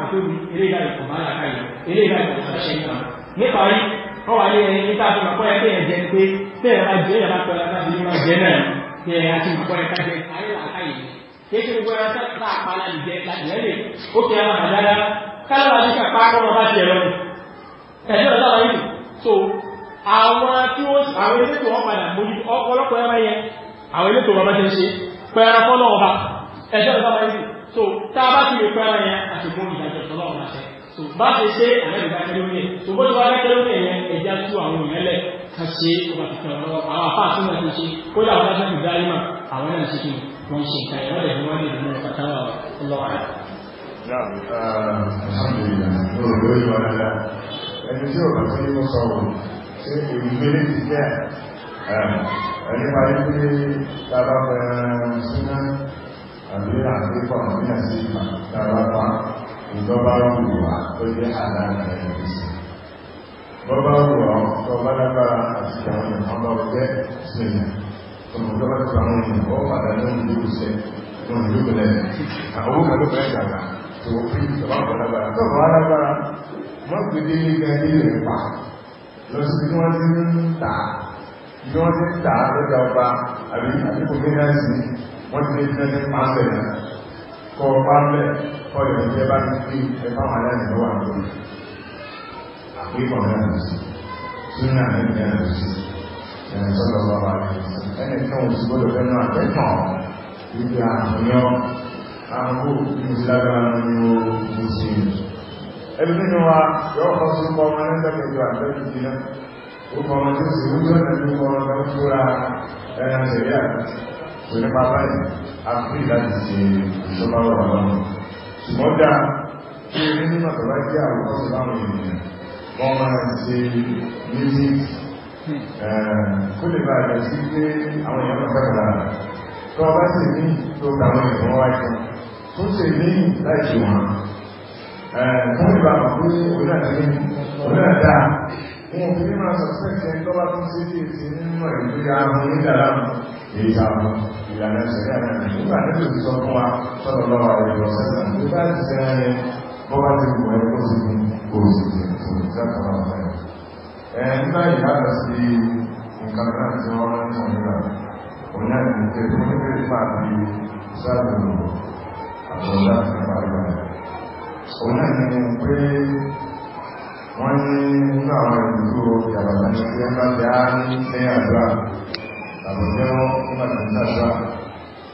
pa láti jẹ láti ẹ kálọ̀ àti kàpá kọ́nà bá jẹ lọ́nà ẹ̀jẹ̀ ọ̀dọ́ àwọn yìí so àwọn tí wọ́n àwọn elétò wọn padà mójú ọ̀pọ̀lọpọ̀ ẹ̀rọ yẹn àwọn elétò wọn bá ti ń ṣe pẹ̀rọ fọ́nà ọba ẹ̀jẹ̀ ọ̀dọ́ àwọn yìí so tá a bá ti lè pẹ̀rọ yẹn àti mú ìdájọ́ tọ́lọ́ ọ̀nà ṣẹ so bá ti ṣe àwọn ìgbà kẹlẹ́ omi yẹn so bó ti wá kẹlẹ́ omi yẹn ẹ̀jẹ̀ tú àwọn èèyàn lẹ̀ ká ṣe ọba tuntun ọ̀rọ̀ àwọn afá àti ìgbà tó ṣe kódà àwọn aṣáájú dáríma àwọn náà ṣe kí wọ́n ṣe nǹkan ìwádìí wọn lè mú ọ̀pá táwọn Náà. Alhamdulillah, lórí wọn dáadáa. Ẹni tí ò bá tí ó sọ wò, ṣé èyí gbélé ti jẹ́ ẹni parí pé tàbá fẹ́ràn síná àbí àgbékọ̀ ní àti ìgbà tàbá pa ìjọba wù wá tó jẹ́ àdáàdà ẹ̀yẹ̀ sí. Bọ́bá wù ọ́ tó bá lágbára àti àwọn ìfọ́nbọ̀ jẹ́ sílẹ̀. Tòmùtọ́lá ti àwọn ènìyàn ó padà ní ìlú ìṣẹ́, òun ìlú ìlẹ̀. Àwọn òkèlú fẹ́ gbàgbà tó ìjọba lágbára tó bá lágbára wọ́n pè dé ilẹ̀ ilé rẹ̀ pa lọ sí bí wọ́n ti ń tà bí wọ́n ti ń tà lọ́jà ọba àbí àdúgbò gẹ́gẹ́sì wọ́n ti fi ẹni pa ń bẹ̀rẹ̀ kọ́ pa ń bẹ̀ kọ́ ìrìn jẹ́ bá ti fi ẹ̀fà wọn láti lọ́wọ́ àgbò àpékọ̀ náà sí súnà àmúkú ìsìlágbára ní oòrùn sí ẹbí nínú wa yóò kọ́ sí ọkọ̀ ọmọ nígbà kẹjọ àtẹ́kì jìnà orúkọ ọmọ tí ó sì wújọ́ nà ní ọmọ ọmọ tó fúra ẹran tẹ̀lé àti kò ní pápá yìí àfíì láti ṣe ìṣọ́bá wà lọ́wọ́ ṣùgbọ́n dá kí ní nínú ọ̀tọ̀lá jẹ́ àwòkọ́ sí láwọn ènìyàn wọ́n máa ṣe meetings kó lè bá àjọ sí pé àwọn èèyàn kan kẹ́kọ̀ọ́ lára tó ọba sì ní tó gbàmọ́ ìfọwọ́ wájú tó sì ní láì ṣe wọn fún ìgbà pé onáàdé onáàdá wọn fi máa sọ̀sẹ́kẹ́ lọ́wọ́ tó sí sí ti nínú ìgbéga àwọn onídàlá èyí àwọn ìlànà ìṣẹ̀lẹ̀ àti nígbà nílò ti sọ fún wa sọ̀rọ̀ lọ́wọ́ àìlọ́ sẹ́sẹ̀ tó bá ti sẹ́ ẹ́ bọ́wá ti mọ̀ ẹ́ kó sì ní kó sì ní kó sì sẹ́kọ̀ọ́ àwọn ẹ̀ ẹ̀ nígbà ìyá lọ sí nǹkan náà tí wọ́n rán ní ọ̀nà òun náà ti tẹ̀ fún ìjọba àgbà òun náà ni pé wọ́n ní inú àwọn ìlú ìyàbàbà ní pé ń bá bí á ní lẹ́yìn àdúrà àbọ̀jẹ́ wọn ń bá tẹ̀lé àdúrà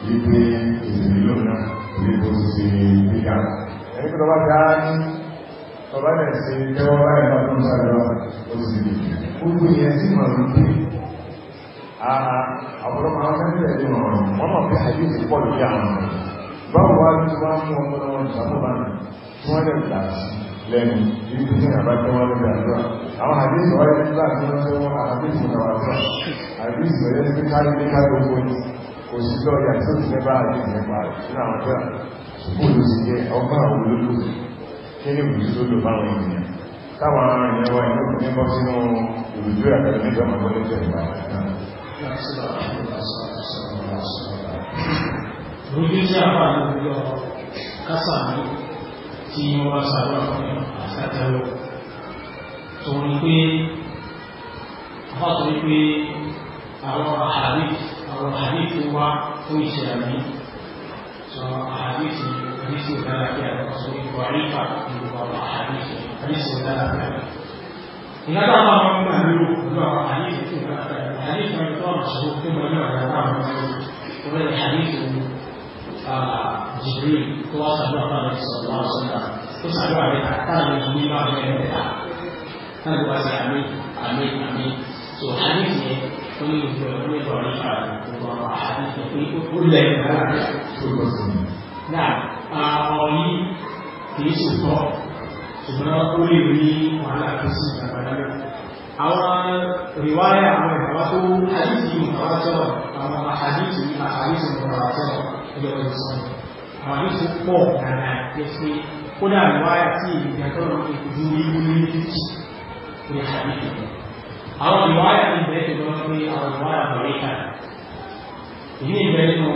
yìí pé ìsinmi lónìí ìlú ìbò ti ṣe gbígbà ẹni pé tọba bí á ní tọba lẹ̀ ṣe jẹ́wọ́ báyìí náà tó ń sàdúrà ó sì gbogbo ìyẹn sì mọ̀ ní pé àà àbúrò máa ń fẹ́ tẹ̀lé wọn wọ́n mọ̀ pé àyè ti pọ̀ lórí àwọn ọ̀rọ̀ báwo wá ní tí wọ́n fún ọmọ náà ìṣàkóbá náà tí wọ́n lè gbà sí lẹ́nu yìí tó ní àbájọ wọn lè gbàdúrà àwọn àdéhùn wáyé nígbà tí wọ́n fẹ́ wọn àdéhùn náà wà àdéhùn yẹn ti kárí ní kárí owó ní kò sí lọ́ọ̀yà tó ti fẹ́ bá àdéhùn nípa rẹ̀ nínú àwọn tó kò ló sì jẹ́ Rúbí siapa a wà ní ìlú kásà ní tí wọ́n bá sàrọ̀ fún àṣàjẹ́wò. Torí pé, wọ́n torí pé àwọn àhàrí ini, àhàrí tó wá fún ìṣẹ̀ àmì. Sọ àhàrí ti àhàrí tí ó Hadis ini àwọn ọ̀sọ̀ ìbò àríkà apa yang àhàrí ti hadis tí ó dára kí àwọn. Ìyá táwọn àwọn ọmọ ìlú ìlú àwọn àhàrí tó dára kí àwọn jìbìrì tó wá sàdúrà fún àwọn ìṣòro wọn sọdá tó sàdúrà rẹ àtàlà ní ìlú ìlú àwọn ẹgbẹ́ ta náà ló wá sí àmì àmì àmì tó àmì yẹn ó ní ìjọ ní ìjọ ní ìfà gbogbo àwọn àmì tó ní ó lẹ ìgbàlá rẹ tó lọ sí i. náà àwọn yìí kì í sòtọ́ ṣùgbọ́n ó lè rí wàhálà tó sì ìjàmbá dáná. àwọn rìwáyà àwọn ìgbàwá tó àdìsí ìgbàwá sọ̀rọ̀ àwọn àdìsí àdìsí ìgbàwá sọ̀rọ̀ ẹjọ́ ọdún sọ́ọ̀rọ̀ àwọn yóò ti pọ̀ dáadáa pé pé ó dà wá sí ìgbàgbọ́ náà ìdú ìlú ní méjì ní àbíkú àwọn ìwáyà ní bẹ́ẹ̀ tó lọ pé àwọn ìwáyà bọ̀ríkà ìlú ìbẹ̀ nínú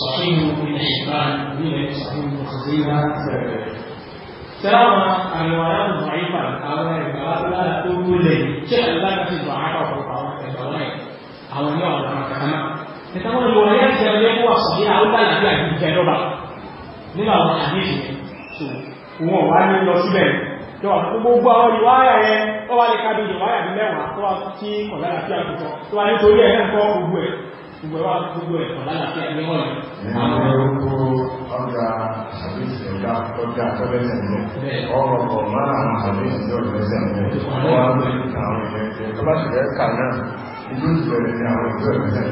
sọ̀fíìmù ilẹ̀ ìbára ní ilẹ̀ sọ̀fíìmù ìgbéra sẹ̀rẹ̀ sẹ́wọ̀n àwọn ìwáyà bọ̀ríkà àwọn ìgbàlá lára ìtàwọn ìwọ̀n ẹ̀yà ti ẹ̀rọ yẹ́kọ́ àṣàyí àwọ́gbà ìlú àìkú kẹrọba nínú àwọn àdéjì so wọn wá ní lọ síbẹ̀ tó gbogbo àwọn ìwáyà ẹ tó wá lè kábí ìwáyà bí mẹ́wàá tó wá tí kọ̀lára fí àkùkọ tó wá nítorí ẹ̀ ńkọ́ gbogbo ẹ̀ gbogbo ẹ̀ gbogbo ẹ̀ kọ̀lára fí àkùkọ rẹ̀. ìyá orúkọ ọjà àbísí ọjà ọjà tọ́lẹ́sẹ̀ ní ọrọ̀ ọ̀rọ̀ lára àwọn àbísí ọjà ẹsẹ̀ ní ọwọ́ àbísí àwọn ìyẹn tó bá ṣẹlẹ̀ kà náà ìlú ẹni tó lè pọ̀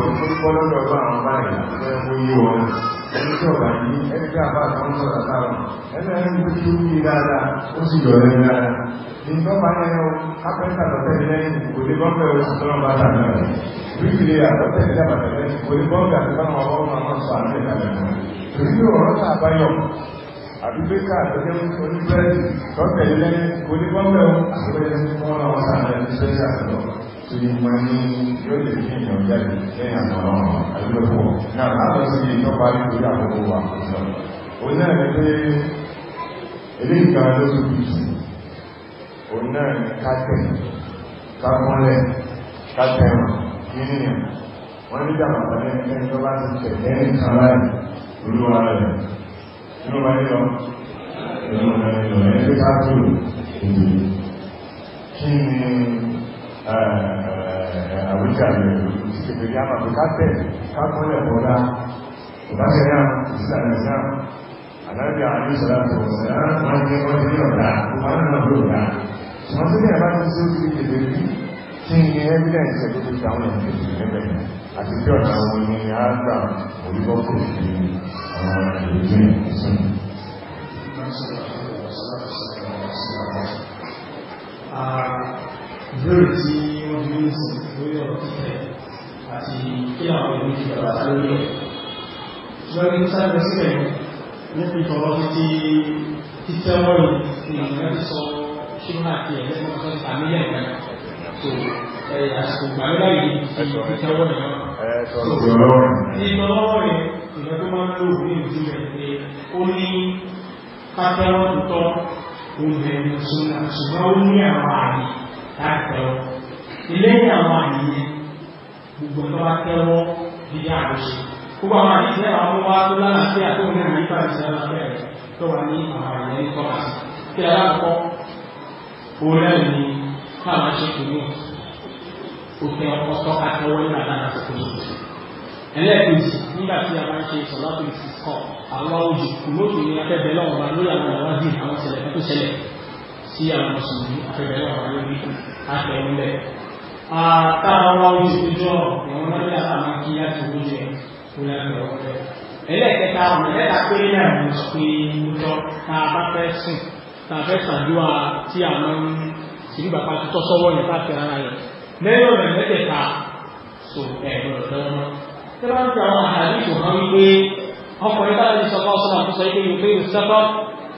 ní kó lọ́dọ̀ bá àwọn báyìí tó yẹ wọn ẹni tí ọ̀bà ní ẹni tí àbá àtàwọn sọ̀rọ̀ àtàwọn ẹni ẹni tó kí ó yí dáadáa ó sì yọ̀ ẹni dáadáa ní tọ́ba ní ẹ̀rọ kápẹ́ńtà lọ́tẹ̀lẹ́ lẹ́yìn kò lè bọ́ọ̀bẹ̀ oṣù tọ́lọ́ bá tà náà bíkìlì àtọ́tẹ̀lẹ́ àbàtà lẹ́yìn kò lè bọ́ọ̀bẹ̀ àti báwọn ọmọ ọmọ ọmọ sọ àti ẹ̀ka lẹ́yìn torí ọ̀rọ̀ tà báyọ̀ àbí bíkà àtọ́jẹ́ oníbẹ̀rẹ̀ tọ́tẹ̀lẹ́ lẹ́yìn kò lè bọ́ọ̀bẹ̀ àti bẹ́ẹ̀ torí mo ní yóò lè fi ìyàn jáde lẹ́yìn àtọ̀rọ̀ àlúlọ́pọ̀ náà látọ̀ sí ìtọ́pa nítorí àkókò wà sọ o náà ní pé ilé ìgbà ló tó bí sí o náà ní kátẹ̀ kápọ́lẹ̀ kátẹ̀ kíníyàn wọ́n ní ìjà bàbá ní ẹni tó bá ti tẹ̀ lẹ́yìn kan láì olúwa rẹ̀ inú wa nílọ inú wa nílọ ẹni tó ká tó ìdìbò kí ni àwíjàre ìṣèlérí àmà pé kápẹ̀ kápọ̀lẹ̀ bọ́lá ìbáṣẹ̀yà ìsìlànìsàn àdájì àárín ìṣẹ̀láàtọ̀ ọ̀sẹ̀ wọ́n ní ọdún ní ọ̀dá wọ́n ní ọdún ọ̀dá ṣùgbọ́n tó ní ẹ̀bá tó sí ojú ìpele rí kí ní evidence ẹ̀kọ́ tó fi àwọn ènìyàn sí lẹ́bẹ̀ àti bí ọ̀nà àwọn ni a gbà orígbọ́ kò fi àwọn ènìyàn sí Ah lórí tí wọ́n fi ń sìn lórí ọ̀rọ̀ títẹ̀ àti kí àwọn ìlú ti bàbá lórí ẹ̀. Ṣùgbọ́n ní sáré sílẹ̀ níbi tọrọ títí títẹ́ wọ́n ní ìrìnà ti sọ ṣíwọ́n àti ẹ̀lẹ́ fún ọ̀sán ìtàmílẹ̀ kan. So àsìkò gbàgbà yìí ti títẹ́ wọ́n ní wọn. Ní ìtọ́lọ́wọ́ rẹ̀ ìgbà tó máa ń lò ní ìlú rẹ̀ ni ó ní kápẹ́rọ̀ tó tọ́ òun bẹ̀rẹ̀ ṣùgbọ́n ó ní àwọn àmì láàpẹ́ ọ lẹ́yìn àwọn àníyàn gbogbo tó bá tẹ́wọ́ di àròsì gbogbo àwọn àti ìṣẹ́ àwọn ọmọ wa tó lálàáfíà tó ní àyè bá ìṣẹ́ lọ́fẹ́ rẹ̀ tó wà ní àwọn àyè ní kọ́lá kí aláàkọ́ orí ẹ̀ ní káwọn ṣe kìíní òfin ọkọ̀ tọ́ka tẹ́wọ́ ní àdáná tó kún ẹlẹ́ẹ̀kejì nígbà tí a bá ń ṣe ìṣọ̀lá tó ti kọ́ àwọn òjò kùnú òjò ní akẹ́bẹ̀ẹ́ lọ́wọ́ lórí àwọn ìwádìí àwọn ìṣẹ̀lẹ̀ tó ṣẹlẹ̀ tí a mọ̀ sí ní afẹ́fẹ́ náà wáyé ní àtẹ̀wọ́lẹ̀. Àtàrà wa ó ti jọ ìwọ̀n náà yà á máa kí láti owó jẹ fún ẹgbẹ̀rún. Ẹlẹ́ẹ̀kẹta ọ̀nà mẹ́ta péré náà ló sọ pé ó jọ tá a bá fẹ́ sìn tá a fẹ́ sàdúrà tí a máa ń sìn bàbá tó tọ́ sọ́wọ́ yẹn bá fẹ́ ara rẹ̀. Lẹ́yìn ọ̀nà mẹ́tẹ̀ẹ̀ta sọ ẹ̀rọ ìdáná. Ṣé bá ń ta àwọn àdàlù ìṣòkan wípé ọkùnrin bá ti sọ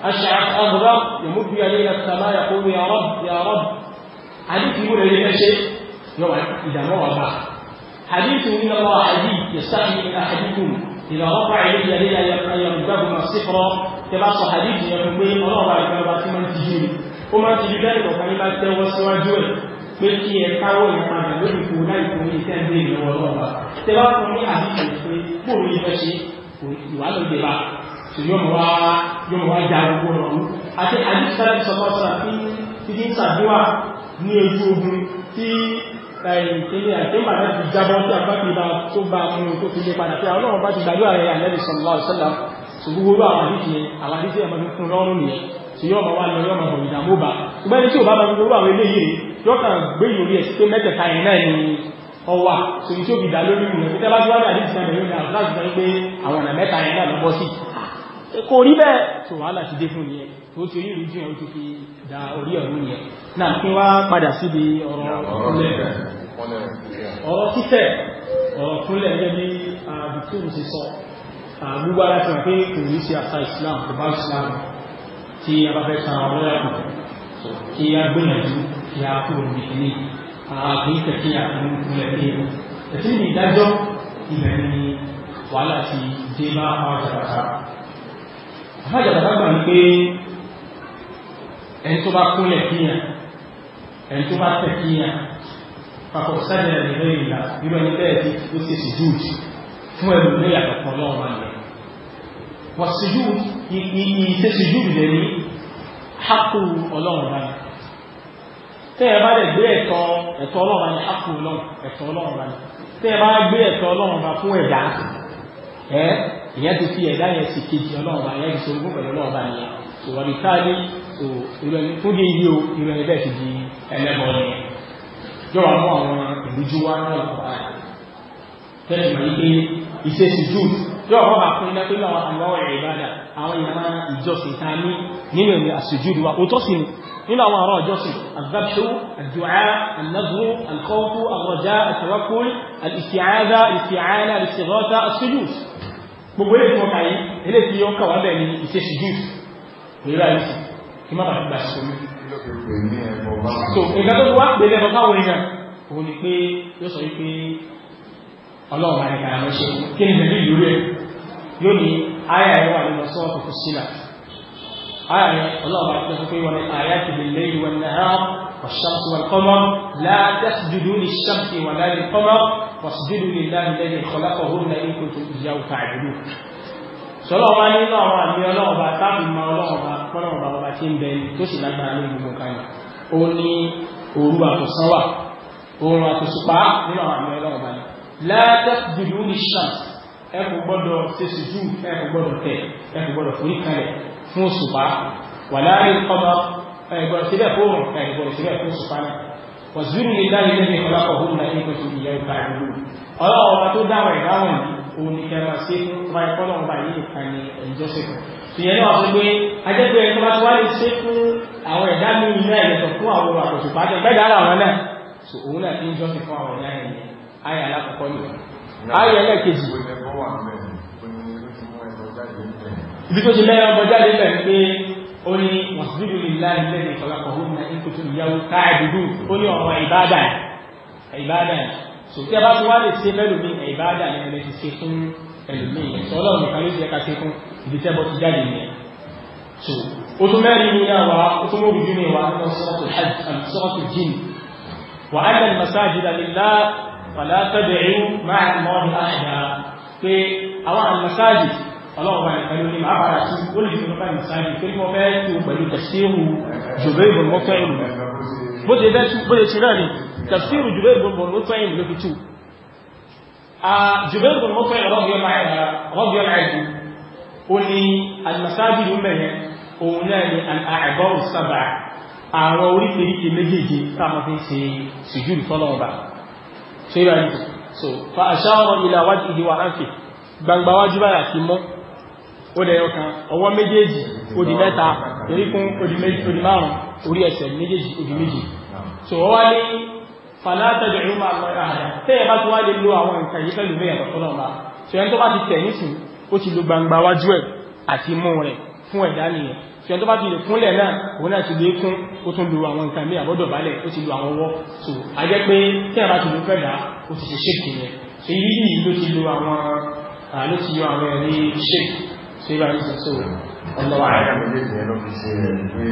أشعث أغبر يمد إلى السماء يقول يا رب يا رب حديث يقول لي شيء يوم إذا ما بعد حديث إن الله حديث يستحي من أحدكم إذا رفع يدي إلى أن يردهما صفرا كما صح حديث يقول لي الله بعد كما بعد ما تجيب وما تجيب ذلك وكان ما تجوز سوى جوال ملكي kí ẹ káwọ́ ìpadà lórí ipò láì fún ní tẹ́ ń bèèrè lọ́wọ́ lọ́wọ́ tẹ́ bá fún ní àdìsí pé bóòlù tí yóò mọ̀ wá yóò mọ̀ wá já gbogbo ọ̀nà ọ̀hún àti àdìsáré sọpọ́sọ tí ní sàdúrà ní ojú ogun tí ìkéde àkéwà láti jábọ́ tí a bá fi bá tó bá fún tó fi lé padà tí àwọn ọlọ́run bá ti gbàdúrà rẹ̀ àlẹ́bí sọ̀lá ọ̀sẹ́lá ṣùgbogbo àwọn àdíjẹ àwọn àdíjẹ ẹ̀mọ́ tó fún lọ́rùn nìyẹn tí yóò máa wá lọ yóò máa bọ̀ ìdààmú bá ṣùgbọ́n ẹni tí ò bá máa gbogbo àwọn eléyìí yóò kàn gbé ìròrí ẹ̀ sí pé mẹ́tẹ̀ẹ̀ta yẹn náà ni ọwà sòyí tí ó fi dá lórí ìrìn ẹ̀ pé tẹ́lá tí wọ́n dà ní ìsinmi ìrìn àwọn àti pé àwọn ọ̀nà mẹ́ta yẹn náà lọ bọ́ sí kò rí bẹ́ẹ̀ tó wàhálà ti dé fún ni ẹ tó ti rí ìrújú ẹ̀ ó ti fi da orí ọ̀run yẹn náà kí wá padà síbi ọ̀rọ̀ ọ̀rọ̀ ọ̀rọ̀ títẹ̀ ọ̀rọ̀ kúnlẹ̀ gẹ́gẹ́ bí àdùkú ti sọ gbogbo ara ti wà pé kò ní sí àṣà Islam kò bá Islam tí a bá fẹ́ san ọ̀rọ̀ ẹ̀kọ́ kí a gbìyànjú kí a kúrò ní ilé ààbùn kẹ̀kẹ́ àkùnrin kúnlẹ̀ pé ẹ̀sìn ìdájọ́ ìbẹ̀rẹ̀ ni wàhálà ti dé bá àwọn àjàkàtà àfájàdàbà gbà ń pé ẹni tó bá kúnlẹ̀ kíyàn ẹni tó bá tẹ̀ kíyàn papọ̀ sájẹ̀ ìlú ìlà irú ẹni bẹ́ẹ̀ tí ó sì sì júùjì fún ẹlù ní àkọ́kọ́ náà wà ní wọ́n sì jù ìṣe sì jù lè ní hákù ọlọ́run bá tẹ́ ẹ bá lè gbé ẹ̀tọ́ ẹ̀tọ́ ọlọ́run bá ní hákù ọlọ́run ẹ̀tọ́ ọlọ́run bá ní ẹ bá gbé ẹ̀tọ́ ọlọ́run bá fún ẹ̀dá ẹ́ ìyẹn ti fi ẹ̀dá yẹn sì kejì ọlọ́run ọba ìyẹn ti so ogún pẹ̀lú ọlọ́run ọba nìyẹn so wọ́n ti káàdì so ìrọ̀lẹ́ tó dé ibi o bẹ́ẹ̀ ti di ẹlẹ́bọ̀ nìyẹn yọ̀wọ̀ mú àwọn ìrújú wá náà lọ́wọ́ tẹ́lẹ̀ mọ̀ yí pé ìṣesì jù yọ̀wọ̀ mọ́ bá fún iná pé àwọn àlọ́wọ̀ ìbádà àwọn ìyàmá ìjọsìn ta ní nínú ìrìn àṣejù wa ó sí ni nínú àwọn àrùn ìjọsìn àgbàṣó àdùá ànàdúró àkọ́kú àwọ̀já àtàwákùn àìsíáàdá ìsíáàlá ìsìrọ́ta àṣejù gbogbo ilé tí wọ́n kàyí ilé tí ó kàwà bẹ̀ ní ìṣẹ́ṣì jùs pẹ̀lú àìsí kí má bàtí gbà ṣe so ìgbà tó wá pè lẹ́bọ̀ káwọn èèyàn òun ni pé yóò sọ wípé ọlọ́run àyẹ̀kà àmọ́ṣe kí ni ìlú rẹ̀ yóò ní ayà ẹ̀wà nínú sọ́ọ̀tù fún sílà آية الله عز وجل ومن آياته الليل والنهار والشمس والقمر لا تسجدوا للشمس ولا للقمر واسجدوا لله الذي خلقهن إن كنتم إياه تعبدون sọlọ wa ní inú àwọn àmì ọlọ́ọ̀bá táàbù ma ọlọ́ọ̀bá pọ́nọ̀ọ̀bá ọba tí ń bẹ ní tó sì lágbára ní gbogbo nǹkan ni ó ní òru àtòsán wà oòrùn àtòsùpá nínú àwọn àmì ọlọ́ọ̀bá ni látẹ́kùdùdù ní ṣàn ẹ kò gbọ́dọ̀ ṣe sùjú ẹ kò gbọ́dọ̀ tẹ̀ ẹ kò gbọ́dọ̀ forí fún òṣùpá wà láàrin kọ́mọ ẹgbọ̀rọ̀ síbẹ̀ fún òrùn ẹgbọ̀rọ̀ síbẹ̀ fún òṣùpá náà wọ̀sùrù ní láyé lẹ́yìn ọlọ́pàá òun náà ní kòtò ìyá ìpa ìlú ọlọ́wọ́ tó dáwọ̀ ìdáwọ̀ òun ni kẹrìnà sí fún báyìí ìkànnì ìjọsìn ibi tó ti mẹ́rin ọmọ jáde bẹ̀ ń pé ó ní wàsíbìlì lílá ilé ní ìfọlápọ̀ ó ní ìkòtò ìyàwó káàdùdù ó ní ọ̀rọ̀ ìbádà ìbádà so tí bá tún wá lè ṣe mẹ́lòmí ìbádà ni ẹni ti ṣe fún ẹlòmí ẹ̀sọ́ ọlọ́run nìkan ló ti ṣe fún ibi tẹ́bọ̀ ti jáde nìyẹn so ó tún mẹ́rin ní àwa ó tún mọ́bi nínú ìwà nínú sọ́ọ̀tù hajj um, ọlọ́run bá nìkan ló ní máa bára sí ó lè fi nípa ìsáyìn pé wọ́n fẹ́ tó pẹ̀lú tẹ̀síhù jùbẹ́ ìbọn mọ́fẹ́ ìlú bó ṣe bẹ́ tú bó ṣe ṣe náà ni tẹ̀síhù jùbẹ́ ìbọn mọ́fẹ́ ìlú ló fi tú jùbẹ́ ìbọn mọ́fẹ́ rọ́bì ọ̀nà ẹ̀dù ó ní alimasáàbì ló mẹ́yẹn òun náà ni àgbọ̀rù sábà àwọn oríkèéríkèé méjèèjì táwọn fi ń ṣe sùjúdù fọlọ́ọ̀bà ṣé ìrìn àjò so fa àṣà ọ̀rọ̀ ìlà wájú ìdíwà áńfì gbangba wájú báyà ti mọ́ ó dẹ̀ ọkàn ọwọ́ méjèèjì odi di mẹ́ta eríkún ó di márùn orí ẹsẹ̀ méjèèjì odi di méjì so wọ́n wá ní fanátẹ̀dẹ̀ ìrúmà àgbàrá tẹ́yẹ̀ bá ti wá lè lo àwọn nǹkan yìí pẹ̀lú bẹ́ẹ̀ ọ̀tọ́nà ọba so ẹni tó bá ti tẹ̀ nísìn ó ti lo gbangba wájú ẹ̀ àti mú rẹ̀ fún ẹ̀dá nìyẹn so ẹni tó bá ti lè kúnlẹ̀ náà òun náà ti lè kún ó tún lo àwọn nǹkan míì àbọ̀dọ̀ balẹ̀ ó ti lo àwọn ọwọ́ so a jẹ́ pé tẹ́yẹ̀ bá ti lo fẹ́ ó ti ṣe ṣèkì yẹn so ibi yìí ló ti lo àwọn ló ti lo àwọn ẹ̀rí ṣèkì ṣé bá ń sọ ọlọ́wà ayé méjèèjì ẹ̀ ló fi ṣe rẹ̀ pé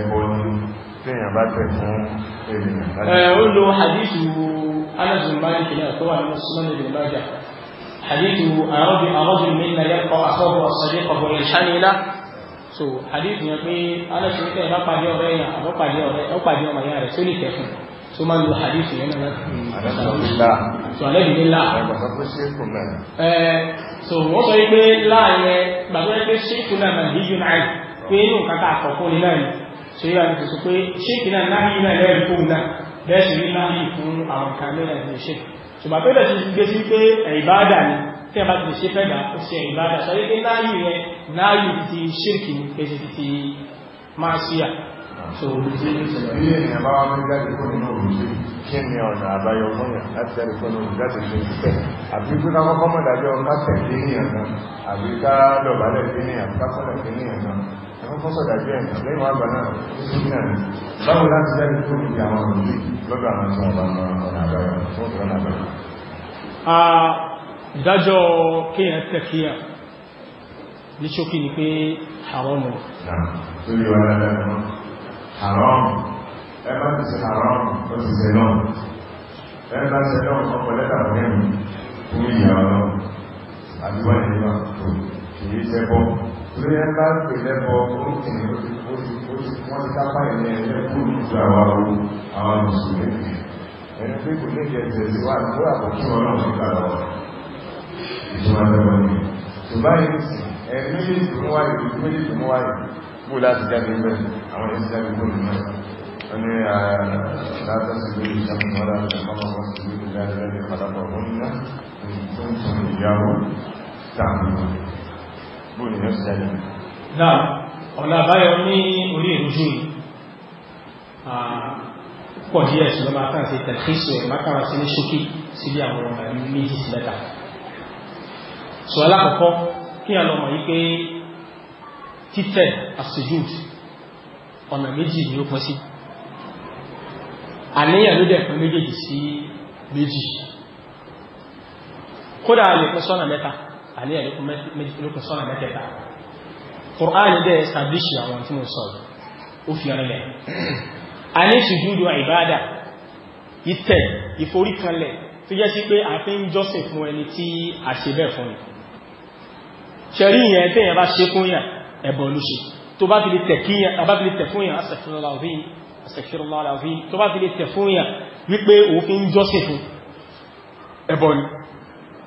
ẹ̀kọ́ ni téèyàn bá tẹ̀ fún ènìyàn. ẹ ó lo hadithu alẹ́sùn báyìí kìlẹ̀ tó wà nínú súnmọ́ ní ìbájà hadithu àrọ́bì àrọ́bì mẹ́ta yẹ kọ́ àkọ́bọ̀ ọ̀sẹ̀dẹ̀ ọ̀bọ̀ ìṣánilá so hadithu yẹn pé alẹ́sùn tẹ̀ bá pàdé ọ̀rẹ́ yẹn àbọ̀pàdé ọ̀rẹ́ ọ̀pàdé ọmọ yẹn rẹ̀ tó lè tẹ̀ fún un tó máa ń lo hadith yẹn náà láti sọ àlẹ́bí ní láà so wọ́n sọ pé láà yẹn gbàgbọ́ pé ṣéèkù náà máa yíyú náà pé inú nǹkan tá a kọ̀ fún ni náà ni ṣe yíra ti sọ pé ṣéèkù náà náà yíyú náà lẹ́yìn o náà bẹ́ẹ̀ sì ní náà yìí fún àwọn kan lẹ́yìn ní ṣe ṣùgbọ́n pé bẹ́ẹ̀ sì gbé sí pé ìbáàdà ni tí a bá ti ṣe fẹ́ ó ṣe ìbáàdà sọ pé náà yìí yẹn náà yìí ti ṣéèkì ní pé ti máa ṣíyà so tí ilé ènìyàn bá wọ́n jáde kó nínú òrùsí kí ni ọ̀nà àbáyọ mọ́yàn láti jáde kó nínú jáde ṣe tẹ̀ àbí pé ká kọ́kọ́ mọ̀ dájọ́ kásẹ̀ dé ènìyàn náà àbí ká dọ̀bálẹ̀ dé ènìyàn kásọ̀lẹ̀ dé ènìyàn náà ẹ̀kọ́ fọ́sọ̀ dájọ́ ẹ̀yàn lẹ́yìn wá gbà náà báwo láti jáde kó nínú àwọn òrùsí lọ́dọ̀ àwọn tí wọ́n bá mọ ọ̀nà àbáyọ fún ọ̀nà àbáyọ. ìdájọ́ kéèyàn tẹ̀ kíyà ní ṣókí ni pé àwọn ọmọ haram ẹ má ti ṣe haram ó ti ṣe náà ẹ bá ṣe náà ọkọ̀ lẹ́tà mẹ́rin fún ìyá ọlọ́run àdúgbò nígbà tó kìí ṣe bọ́ torí ẹ bá pè lẹ́bọ orúkìn wọ́n ti kápá ilẹ̀ ẹlẹ́kùn ju àwa owó àwọn mùsùlùmí ẹni pé kò ní ìjẹ ìjẹsí wà ní àkókò ọlọ́run nígbà lọ ìjọba lẹ́wọ̀n ni ṣùgbọ́n ẹni méjèèjì mú wáyé méjèèjì mú wáyé kú láti jáde ń bẹ̀rẹ̀ àwọn èsì jáde kó nù náà wọ́n ní àlátà sí lórí ìṣàkùnmọ́lá ìṣàkùnmọ́lá sí lórí ìdájẹ́lẹ́ padàbọ̀ ọ̀nà tó ń tún ìyàwó tààmù bó ni yóò jáde náà ọ̀nà àbáyọ ní orí ìrújú pọ̀ díẹ̀ sí lọ́mọ akáǹsì tẹ̀lẹ́sì ẹ̀ mákàrà sí ní ṣókí títẹ̀ asujud ọ̀nà méjì ni ó pín sí àníyàn ló dẹ̀ pín méjèèjì sí méjì kódà lè pín sọ́nà mẹ́ta àníyàn ló pín sọ́nà mẹ́tẹ̀ẹ̀ta Qur'an dẹ̀ establish àwọn tí mo sọ ó fi ọ̀rẹ́ lẹ̀ àní sujudu ìbáadà ìtẹ̀ ìforíkanlẹ̀ tó jẹ́ sí pé a fi ń jọ́sìn fún ẹni tí a ṣe bẹ́ẹ̀ fún ni ṣẹ̀rí ìyẹn tẹ́yẹn bá ṣe fún yàn ẹbọ ló ṣe tó bá fi lè tẹ̀ kí yàn bá fi lè tẹ̀ fún yàn astaghfirullah alazim astaghfirullah alazim tó bá fi lè tẹ̀ fún yàn wípé òfin jọ́sìn fún ẹbọ ni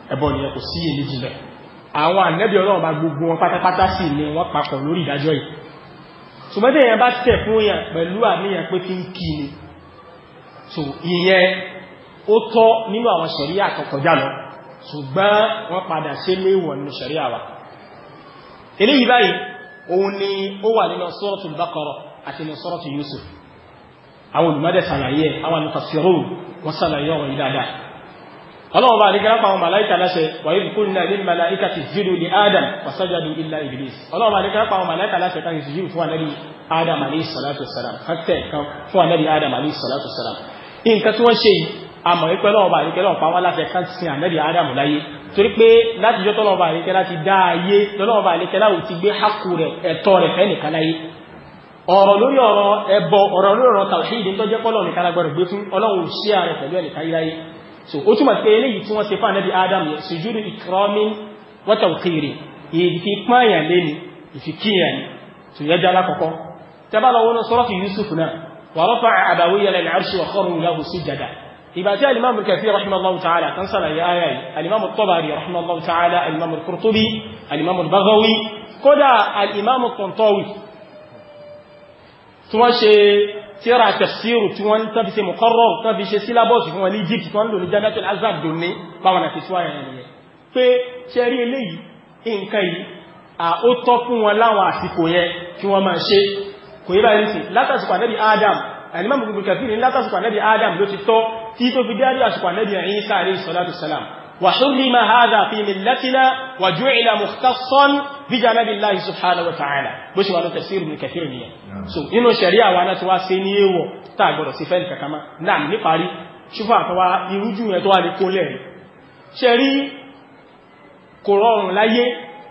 ẹbọ ni ẹ sí èyí jìnlẹ̀ àwọn ànẹ́bí ọlọ́run bá gbogbo wọn pátápátá sì ni wọ́n papọ̀ lórí ìdájọ́ yìí ṣùgbọ́n tẹ̀yàn bá tẹ̀ fún yàn pẹ̀lú àníyàn pé fi ń kí ni so ìyẹn ó tọ́ nínú àwọn ṣẹ̀ríà àkọkọjá lọ ṣùgbọ́n wọ́n padà ṣe léwọ̀n nínú ṣẹ̀ríà wa eléyìí báyìí òun ni ó wà nínú sọ́ọ̀tù Baqara àti nínú sọ́ọ̀tù Yusuf àwọn olùmọ́dẹ̀ sàlàyé àwọn alùfàṣírò wọ́n sàlàyé ọ̀rọ̀ yìí dáadáa ọlọ́run bá àdígbà pa àwọn màláìkà láṣẹ wa idh qulna lil malaikati isjudu li Adam fasajadu illa Iblis ọlọ́run bá àdígbà pa àwọn màláìkà láṣẹ ká sì jù fún ànábì Adam alayhi salatu wassalam fàtẹ́ kan fún ànábì Adam alayhi salatu wassalam nǹkan tí wọ́n ṣe yìí àmọ́ ìpẹ́lọ́run bá àdígbà pa aláṣẹ ká sin ànábì Adam láyé torí pé látijọ́ tọ́lọ́ọ̀bà àlékẹ́lá ti dá ayé lọ́lọ́ọ̀bà àlékẹ́lá ò ti gbé hákù rẹ̀ ẹ̀tọ́ rẹ̀ fẹ́ nìkan láyé ọ̀rọ̀ lórí ọ̀rọ̀ ẹbọ ọ̀rọ̀ lórí ọ̀rọ̀ tàwíìdì tó jẹ́ pọ́lọ̀ nìkan lágbọ́dọ̀ gbé fún ọlọ́run sí ààrẹ pẹ̀lú ẹ̀nìkan láyé so ó túmọ̀ pé eléyìí tí wọ́n ṣe fún ànábì ìbàtí alimamu kafir rahimallahu ta'ala kan sana ya ayayi alimamu tabari rahimallahu ta'ala alimamu kurtubi alimamu bagawi kódà alimamu kontowi tí wọ́n ṣe tíra tafsiru tí wọ́n tàbí ṣe mọ̀kọ́rọ̀ tàbí ṣe sílábọ̀sì fún wọn ní egypt wọ́n lò ní janatul azab dùnní báwọn àti tíwá yẹn nìyẹn pé ṣẹ́rí eléyìí nǹkan yìí à ó tọ́ fún wọn láwọn àsìkò yẹn kí wọ́n máa ṣe kò yí báyìí sí látàsìkò ànábì adam alimamu kafir ní látàsìkò ànábì adam ló ti tọ́ tí tó fi dárí àsìkò ànábì Ìsá alayhi salatu salam wa hurrima hadha fi millatina wa ju'ila mukhtassan bi janabillahi subhanahu wa ta'ala bó ṣe wà ní tafsir Ibn Kathir nìyẹn so inú ṣẹ̀ríà wa náà ti wá sí ní èèwọ̀ tá a gbọ́dọ̀ sí fẹ́ẹ̀ kankan mọ́ náà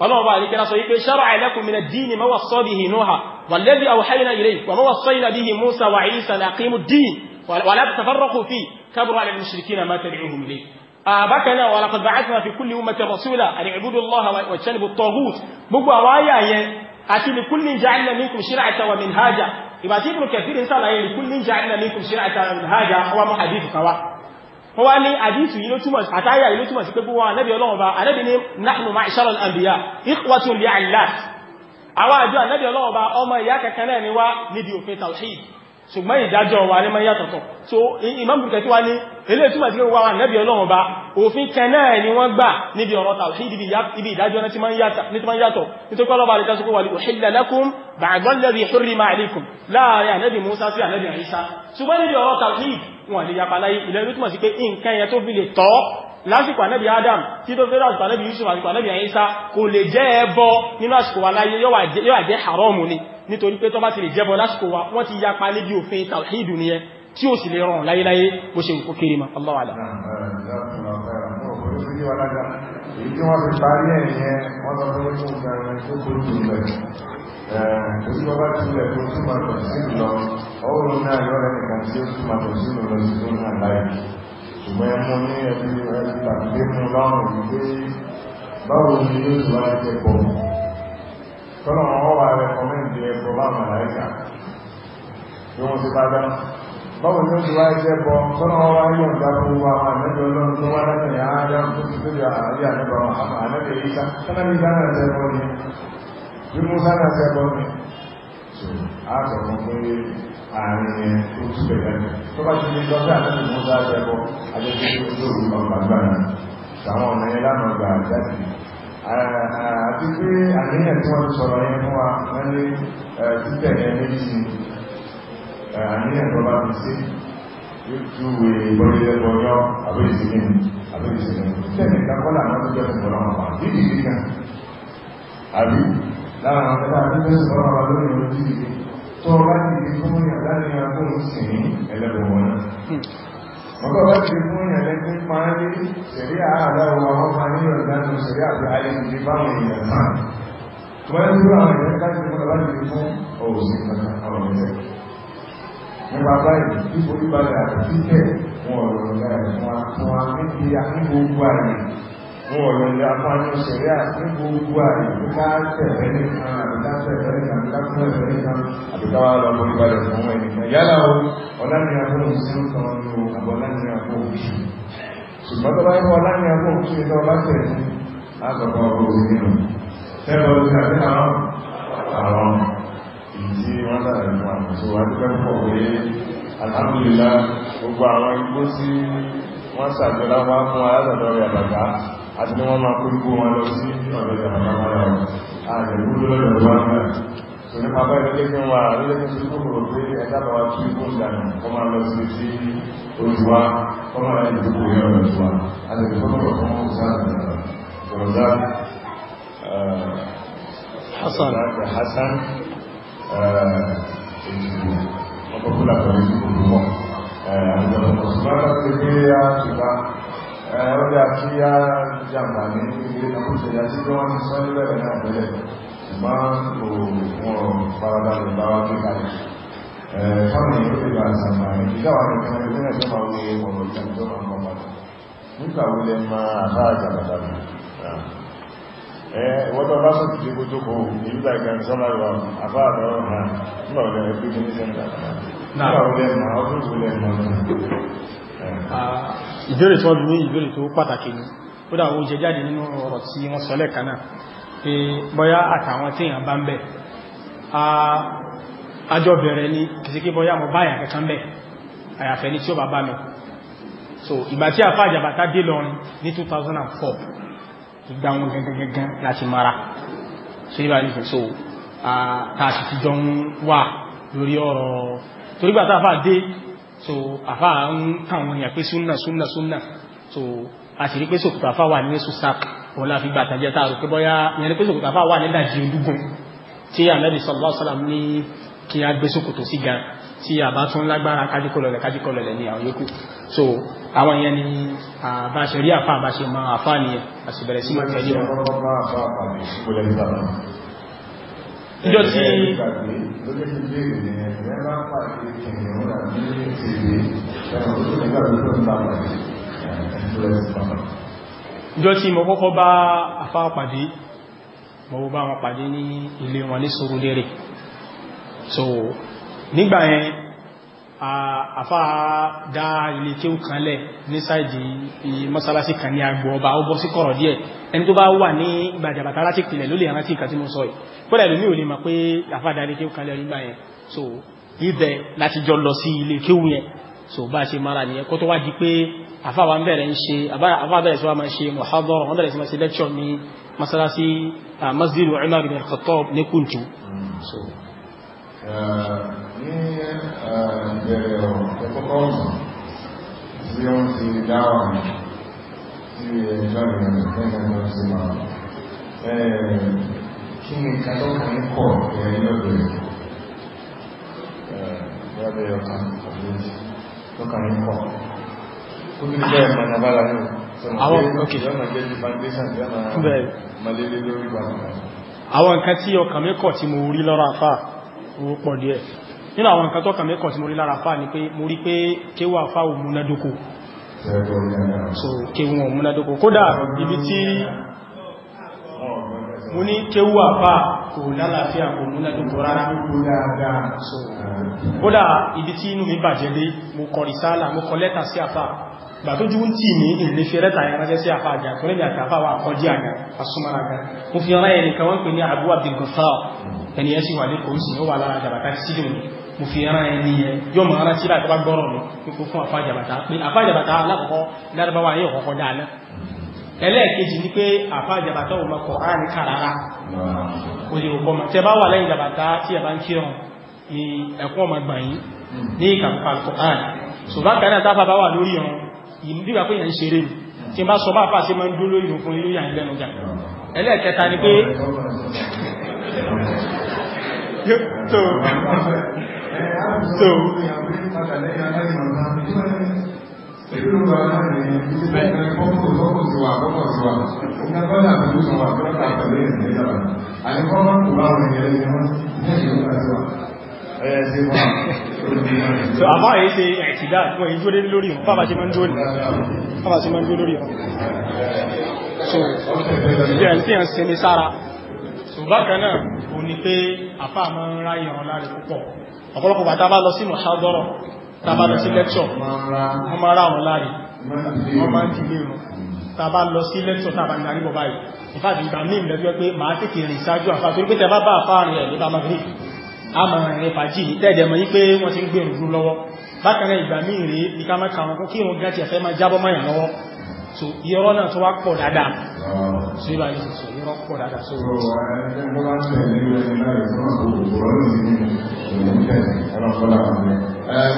فالله عليك نصر يقول شرع لكم من الدين ما وصى به نوح والذي أوحينا إليه وما وصينا به موسى وعيسى لأقيم الدين ولا تفرقوا فيه كبر على المشركين ما تدعوهم إليه أبكنا ولقد بعثنا في كل أمة رسولا أن اعبدوا الله واجتنبوا الطاغوت بقوا وايا أتي لكل جعلنا منكم شرعة ومنهاجا إذا تبر كثير إنسان لكل جعلنا منكم شرعة ومنهاجا هو محديث كواه wọ́n wá ní àdíṣù yìí ló túmọ̀ sí àtàyà yìí ló túmọ̀ sí pé búwọ́n anẹ́bí ọlọ́run bá anẹ́bí ní nahnu ma'shara al-anbiya ikhwatun li Allah àwọn àjọ anẹ́bí ọlọ́run bá ọmọ ìyá kankan náà ni wá níbi òfin tawhid ṣùgbọ́n ìdájọ́ wa ní máa yàtọ̀tọ̀ so Imam Bukhari wá ní ilé túmọ̀ sí pé wọ́n anẹ́bí ọlọ́run bá òfin kan náà ni wọ́n gbà níbi ọ̀rọ̀ tawhid ibi ìdájọ́ náà ti máa yàtọ̀ nítorí pé ọlọ́ba àdìkásókò wà ní uhilla lakum ba'da alladhi hurrima alaykum láàrin anẹ́bí Musa sí anẹ́bí Isa wọn lè yapa láyé ilẹ̀ ló túnmọ̀ sí pé nǹkan yẹn tó fi lè tọ́ lásìkò ànẹ́bì Adam tí tó fẹ́rẹ̀ àsìkò ànẹ́bì Yusuf àsìkò ànẹ́bì Isa kò lè jẹ́ ẹbọ nínú àsìkò wa láyé yóò àjẹ́ haramu ni nítorí pé tó bá ti lè jẹ́bọ lásìkò wa wọ́n ti yapa níbi òfin tawhidu nìyẹn tí ó sì lè rọrùn láyéláyé bó ṣe kó kéré ma Allah alam tí wọ́n fi parí ẹ̀yẹn wọ́n lọ fún ojú ìgbàrẹ̀ tó kó jù lẹ̀ ojú ọba tí ilẹ̀ tó túmọ̀ tọ̀ sí lọ ọrùn náà yọrẹ nìkan tí ó túmọ̀ tọ̀ sí lọ sí tó náà láì ṣùgbọ́n ẹ mú ní ẹbí ẹbí tàbí mú lọ́rùn wípé báwo ni yóò tó wáyé jẹ́kọ̀ tọ́lọ̀ wọn wà rẹ̀ kọ́mẹ́ǹdì báwo ni ó ti wá jẹ́ bọ́ kọ́nà wá yóò dá gbogbo àwọn àmẹ́bí ọlọ́run tó wá látàrí àádọ́m tó ti tóbi àárí àmẹ́bà àwọn àmẹ́bí ìsá sánábí sáná ẹ̀sẹ̀ bọ́ ni bí mú sáná ẹ̀sẹ̀ bọ́ ni so a sọ fún pé àárín yẹn tó ti bẹ̀rẹ̀ tó bá ti di lọ sí àmẹ́bí mú sáná ẹ̀sẹ̀ bọ́ adébí tó tó rí ọgbà gbà náà sàwọn ọ̀nà yẹn lánàá gbà jáde àti pé àníyàn tí wọ́n ti sọ̀rọ̀ yẹn fún wa wọ́n ní títẹ̀ àárín ẹ̀kọ́ bá fi sí ìtúwé ìbọ́lẹ́lẹ́bọ̀ ọjọ́ àbẹ́ìsìnkú àbẹ́ìsìnkú tẹ́lẹ̀ ìdákọ́lá àwọn tó jẹ́ ìgbọ̀nà ọ̀pá dídì kíkà àbí láwọn akẹ́kọ̀ọ́ àbẹ́ìsìnkú ọ̀rọ̀ wà lórí ọdún dídì tó bá ti di fún ìyàdá ní agbóhùn sí ní ẹlẹ́bùn wọn ọkọ̀ bá ti fún ìyàlẹ́gbẹ́ máa ní ṣẹ̀rí àádáwọ̀ àwọn máa ní ọ̀dánù ṣẹ̀rí àbí ayé ti báwọn èèyàn náà tó bá ń dúró àwọn ìyàlẹ́gbẹ́ láti fún ọ̀rọ̀ sí ọ̀rọ̀ ìyàlẹ́gbẹ́ nípa báyìí nítorí balẹ̀ àti títẹ̀ wọn ọ̀rọ̀ ìlà ẹ̀fọn àtúnwá níbi ànígbogbo àyè wọn ọ̀rọ̀ ìlà fún àníṣẹ̀rí ànígbogbo àyè tó ká tẹ̀lé nìkan àbíká tẹ̀lé nìkan àbíká tẹ̀lé nìkan àbíká wà lọ bórí balẹ̀ fún ẹnìkan yálà o ọ̀lànìyà fún ìṣẹ́ kan ní o àbọ̀lànìyà fún òkú ṣùgbọ́n tó bá yẹ kó ọ̀lànìyà fún òkú ṣe tó bá tẹ̀lé àgbàgbà ọ̀rọ̀ òkú nínú tẹ́lẹ̀ ọ̀rọ̀ tí wọ́n sàrẹ̀ fún àwọn tó wá dúpẹ́ pọ̀ pé àtàkùnlélá gbogbo àwọn igbó tí wọ́n sàgbẹ́lá wá fún alátàdọ́ rẹ̀ àbàgá àti ní wọ́n máa kó igbó wọn lọ sí ọ̀dọ̀ ìjàmàlá eh, Hassan. Hassan ènìyàn wọ́n pọ́pùlà pẹ̀lú ìgbòmọ̀ àjọ̀dọ̀ ọ̀sùnmọ́lá ti gbé yá ṣùgbá ó dá kí yá jàmbá ní ilé àkóso ìyá sí wọ́n ti sọ nílẹ̀ náà bẹ̀rẹ̀ ṣùgbọ́n kò wọ́n farabalẹ̀ bá wá gbé kalẹ̀ fáwọn èèyàn lè bá ṣàmàrí ìjáwà nìkan nígbà wo máa àbá àjàmbá Eh, ìwọ́tọ̀ bá sọ ìdíkò tó kò ìlúdà ìgbẹ̀rẹ̀ sọ́lọ́rọ̀ àfáàdọ̀ ọ̀hàn nígbà olè ẹgbẹ́ jẹ́ ní sẹ́ńtà nígbà olè ẹ̀mà ọdún olè ẹ̀mà ìbéèrè tí wọ́n bí ní ìbéèrè tó pàtàkì ní ó dà ó jẹ jáde nínú ọ̀rọ̀ tí wọ́n sọ lẹ́ẹ̀kan náà pé bóyá àtàwọn tí èèyàn bá ń bẹ̀ àjọ bẹ̀rẹ̀ ní kìsíkí bóyá mo báyà kankan bẹ̀ àyàfẹ́ ní tí ó bá bá mi so ìgbà tí àfáàjàbàtà dé lọrin ní 2004 ìgbà wọn gangan láti mara so yíba ní so ta sì ti jọ ń wà lórí ọ̀rọ̀ torí gbà tá àfà dé so àfà ń káwọn èèyàn sunna, sunna, sunna. so a sì rí pé sòkòtò àfà wà ní sùsàk òun láfi gbà tàjẹ́ tá a rò pé bọ́yá ìyẹn ni pé sòkòtò àfà wà nígbà jí olúgun tí àmẹ́rì sallallahu alaihi wasallam ní kí gan tí a bá tún lágbára kájíkọlọlẹ̀ kájíkọlọlẹ̀ ní àwọn yòókù so àwọn ìyẹn ni bá ṣe rí àfá bá ṣe máa àfá nìyẹn a sì bẹ̀rẹ̀ sí máa tẹ̀lé wọn. ìjọ tí ìjọ tí mo kọ́kọ́ bá àfá pàdé mo bá wọn pàdé ní ilé wọn ní sọ̀rọ̀ lérè so nígbà yẹn àfá dá ilé tí ó kan lẹ̀ ní sáìdì mọ́sálásí kan ní agbó ọba ó bọ́ sí kọ̀rọ̀ díẹ̀ ẹni tó bá wà ní gbàjàbàtà láti pìlẹ̀ ló lè rántí ìkà tí mo sọ yìí so ibẹ̀ láti jọ lọ sí so bá ṣe mara nìyẹn kó tó wá di pé àfá wa ń bẹ̀rẹ̀ ń ṣe àfá bẹ̀rẹ̀ sí wa máa ṣe hmm. so ní ìbẹ̀rẹ̀ ẹ̀kọ́kọ́ ọ̀sán tí ó ń ti dáwà sí ẹjọ́ ìrìnlẹ̀ sí máa kí ni kàtọ́kà ń kọ̀ ẹ̀yìn lọ́bẹ̀rẹ̀ lábẹ́ ọkàn ọ̀lẹ́jì lọ́kàn ń kọ̀ tó bí bẹ́ẹ̀ mọ̀nà bára ní àwọn nǹkan tí ọkàn mẹ́kọ̀ tí mo rí lọ́rọ̀ àfáà ó pọ̀ díẹ̀ nínú àwọn nǹkan tọ́kà mẹ́kàn tí mo rí lára fáà ni pé mo rí pé kéwà fáà ò múnádókò so kéwù ò múnádókò kódà ibi tí mo ní kéwà fáà kò lálàáfíà kò múnádókò rárá kódà ibi tí inú mi bàjẹ́ dé mo kọ rìsálà mo kọ lẹ́tà sí àfáà gbàtójú ń tí ní ìrìnlẹ̀ fi rẹ́ta ìránṣẹ́ sí àfá àjà tó lẹ́gbẹ̀ àtàfà wà kọjí àga asúnmọ́ra ga mú fi ọ̀rá ẹni kan wọ́n pè ní Abu Abdul Ghaffar ẹni ẹ́ sì wà ní kòrìsì ó wà lára àjàbàtà sílò ní mú fi ọ̀rá ẹni ẹ yóò mọ̀ ọ̀rá sí láti bá gbọ́rọ̀ lọ pípò fún àfá àjàbàtà pé àfá àjàbàtà alákọ̀ọ́kọ́ lárúbáwá ẹlẹ́ẹ̀kejì ni pé àfá àjàbàtà ò mọ Kùránì kà rárá kò lè kọ́ mọ̀ tẹ bá wà lẹ́yìn àjàbàtà tí ẹ bá ń kírun ẹ̀kọ́ ọmọ gbà ní ìkàkùkà Kùránì ṣùgbọ́n kan náà táfà bá wà lórí ọ̀run ìdíwà pé yẹn ń ṣeré ni tí bá sọ bá fà sí máa dúró ìlú fún ilé yàn lẹ́nu jà ẹlẹ́ẹ̀kẹta ni pé so so so àbá yìí ṣe ẹ̀tìdá wọ́n yìí dúró lórí wọn bàbá ṣe máa ń dúró ní bàbá ṣe máa ń dúró lórí wọn so ìyẹn tí yẹn sinmi sára so bákan o ní pé àfá máa ń ráyè wọn láre púpọ̀ ọ̀pọ̀lọpọ̀ bàtà bá lọ sí mọ̀ṣádọ́rọ̀ tàbá lọ sí lẹ́kṣọ̀ wọ́n máa rá wọn láre wọ́n máa ń dìlé wọn tàbá lọ sí lẹ́kṣọ̀ tàbá ní àríwọ̀ báyìí ìfàdí ìgbà ní ìlẹ́jọ́ pé màá tètè rìn ṣáájú àfà torí pé tẹ bá bá àfà rìn ẹ̀ nípa maghrib àmàrin rẹ̀ fàájì ní tẹ́ẹ̀dẹ̀ mọ̀ wípé wọ́n ti ń gbé ìrùn lọ́wọ́ bákanáà ìgbà míì rí ìka mẹ́ka wọn kó kí wọn gá ti ẹ̀fẹ́ máa jábọ́ máyà lọ́wọ́ so ìyọrọ náà tó wá pọ̀ dáadáa so ìbá yìí so ìyọrọ pọ̀ dáadáa so.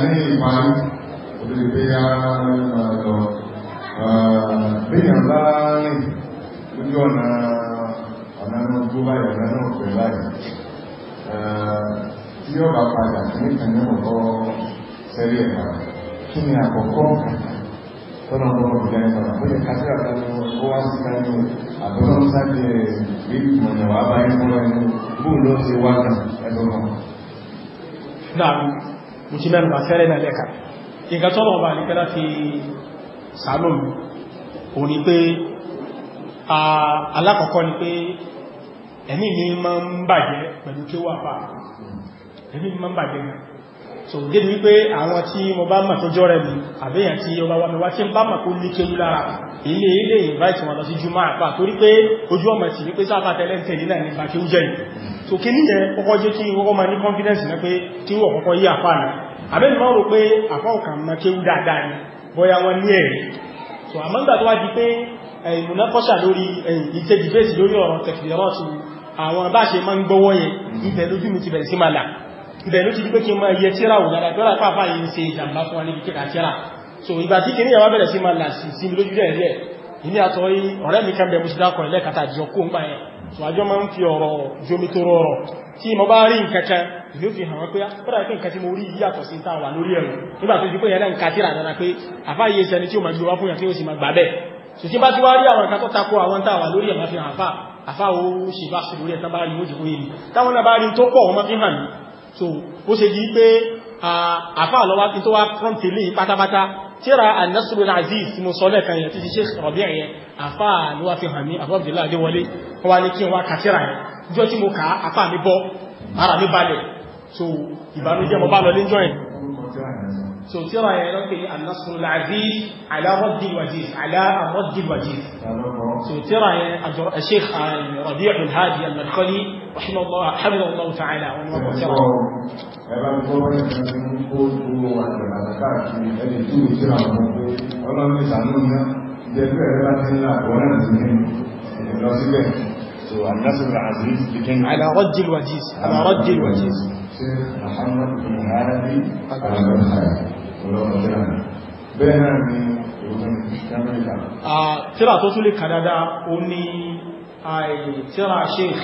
ní ìparí olùdíje yá lọ tí yóò bá padà ní ìkànnì ọ̀pọ̀ sẹ́rí ẹ̀ka kí ni àkọ́kọ́ tọ́nà ọ̀pọ̀ ìjà ìsọ̀rọ̀ tó lè kásí àtàlù ó wá sí kánú àbúrò sáàdì bí mọ̀nyàwó abáyé fún ẹnu bóun ló ti wá kan ẹgbẹ́ wọn. náà mo ti mẹ́nu àfẹ́rẹ́ náà lẹ́ka nǹkan tọ́nà ọba ní pẹ́lá fi sàánù mi òun ni pé alákọ̀ọ́kọ́ ni pé ẹ̀mí mi máa ń bàjẹ́ pẹ̀lú kí ó wà pa ẹ̀mí mi máa ń bàjẹ́ mi so débi wípé àwọn tí mo bá mọ̀ tó jọ́rẹ̀ mi àbẹ́yàn tí ọba wa mi wá tí ń bá mọ̀ kó ní kéwú lára ilé ilé invite wọn lọ sí jùmọ́ àpá torí pé ojú ọmọ ti wípé sáfà tẹ́lẹ̀ tẹ́lẹ̀ náà so kí níyẹn kọ́kọ́ jẹ́ kí confidence náà pé kí wọ́n kọ́kọ́ yí àpá náà àbẹ́mi máa rò pé àpá ní ẹ̀rí so àmọ́ nígbà tó wá di pé eh, ìmúná kọ́ṣà lórí eh, ìtẹ́jì àwọn bá ṣe máa ń gbọ́wọ́ yẹn ibẹ̀ lójú mi ti bẹ̀rẹ̀ sí máa là ibẹ̀ ló ti di pé kí n máa yẹ tíra wò dáadáa tọ́lá pàpà yìí ń ṣe ìjàmbá fún wa níbi kíkà tíra so ìgbà tí kìíní yàwá bẹ̀rẹ̀ sí máa là sí sí lójú rẹ̀ rẹ̀ ìní àtọ́ ọ̀rẹ́ mi kan so àjọ máa ń fi ọ̀rọ̀ jomi tó rọrọ̀ tí mo bá rí nǹkan kan ìlú fi hàn wọ́n pé pẹ́lá ah, pé nǹkan tí mo rí yàtọ̀ sí ta ni tí ó máa gbé wá fún so tí bá ti wá rí àwọn nǹkan tó àfáwò ṣe bá ṣe lórí ẹ̀tàn bá rí ojú orí ni táwọn náà bá rí tó pọ̀ wọ́n fi hàn ní so ó ṣe di pé àfáà lọ́wọ́ kí tó wá prompte lè pátápátá tíra annasrul aziz mo sọ lẹ́ẹ̀kan yẹn títí sheikh rọ̀bí ẹ̀yẹn àfáà ló wá tí mo kà ara mi so ìbànújẹ́ mo bá lọ so tíra yẹn lọ́pẹ̀ annasrul aziz ala raddil wajiz ala raddil wajiz so tírà yẹn sheikh rabi'u al-hadi al-madkhali rahimahullah hamidullah ta'ala wọn wọn tírà. ẹ̀rọ tó wọ́n ti ń kó gbogbo wà lọ́la káàkiri ẹni tó ń tírà wọn pé ọlọ́run ìsànú náà jẹ́ pé ẹ̀rọ bá ti ń là wọ́n náà ti ní lọ síbẹ̀. so anasir aziz became. ala rajj al-wajiz ala rajj al-wajiz. ṣe muhammad bin hadi al-madkhali ọlọ́run tírà bẹ́ẹ̀ náà ni tíra tó tún lè kà dáadáa ó ní tíra sheikh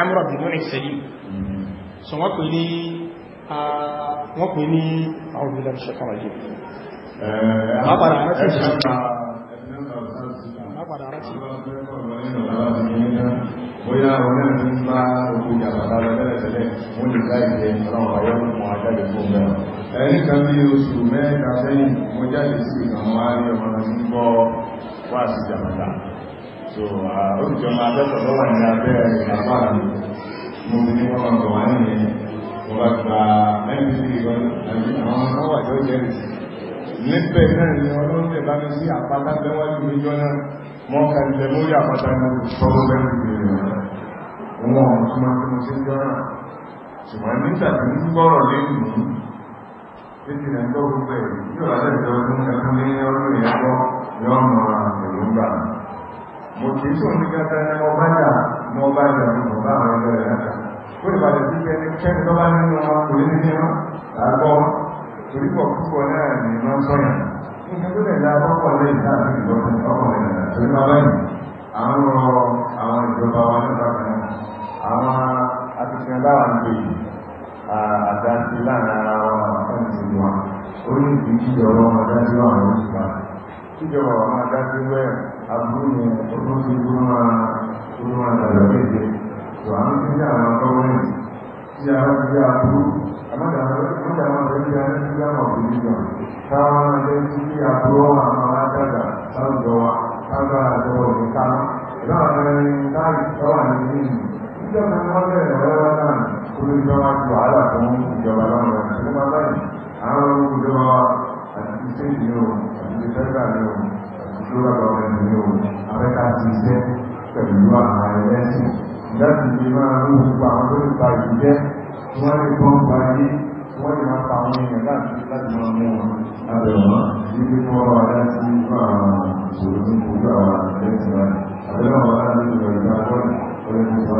amra bin mu'in salim so wọ́n pè ní wọ́n pè ní àwọn ìbílẹ̀ ṣẹ̀kọ́rọ̀ yìí lápàdà rántí lápàdà rántí bóyá ọ̀rẹ́ mi ń bá ogun ìjàmbá lára tẹ́lẹ̀tẹ́lẹ̀ wọ́n láìpẹ́ ọ̀rọ̀ ọ̀yọ́ mọ̀ ajáde fún mẹ́rin ẹ̀yìn kan bí oṣù mẹ́ta sẹ́yìn mo jáde sí ìkàwọn àárí ọmọ tí ń gbọ́ wà sí jàmàdà so oúnjẹ ọmọ abẹ́tọ̀ lọ́wọ́ ní abẹ́ ìlàpára mi mo fi ní wọ́n kọ̀ wá nìyẹn mo bá gba mẹ́rin sí ìgbọ́n àbí àwọn ọmọ àjọ jẹ́rìí níbẹ̀ náà ni ọlọ́run bá mi sí àpáta bẹ́wájú mi jọ náà mọ́ ka ilẹ̀ lórí àpáta náà sọ́wọ́ bẹ́ẹ̀ wọn ọ̀tún máa ń tó mo ṣe jọ náà ṣùgbọ́n nígbà tí ń gbọ́rọ̀ lẹ́nu သိတဲ့တော့ဘုရားပြောတာလည်းတော်တော်များများလေးရောလို့ရတော့ရောမှာရုံးကမတိဆုံးကတည်းကမောဘတာမောဘတာမောဘတာလည်းရတယ်ဘုရားလည်းဒီကနေ့ချက်တော့ဘာလဲမောဘကိုလည်းနေတော့ဒါတော့ဒီကောကူနဲ့နေမဆုံးဘူးဒီကုလည်းလာတော့ပေါ်လေးသာပြီးတော့တော့လည်းဒီမှာလည်းအာမောအာမောဘာဝနာတာအာမအတိစံလာန်ပြီး àdáṣe láàrin wọn àtẹ́ni ìlú wa orí ìdí kíjọba wọn àwọn òṣìṣà kíjọba wọn máa wẹ́ aburú ni ó tó ló ní wọ́n ti wàhálà fún ìjọba lọ́rùn rẹ̀ ṣe máa báyìí àwọn olùjọba àti iṣẹ́ ìlú àti fẹ́gbà ní òun àti flora government ní òun afẹ́ká ti iṣẹ́ pẹ̀lú àwọn ẹlẹ́sìn láti fi máa ń gbogbo àwọn tó lè pa ìjẹ́ tí wọ́n lè gbọ́n pa ayé tí wọ́n lè máa pa àwọn èèyàn láti láti máa mú wọn abẹ̀wọ̀n ní bí wọ́n wà láti fún àwọn ìṣòro tó ń kojú àwọn ẹlẹ́sìn láti àbẹ́wọ̀n wọn láti lọ ìgbà bọ́ọ̀lù lójú ọ̀nà ẹ̀kọ́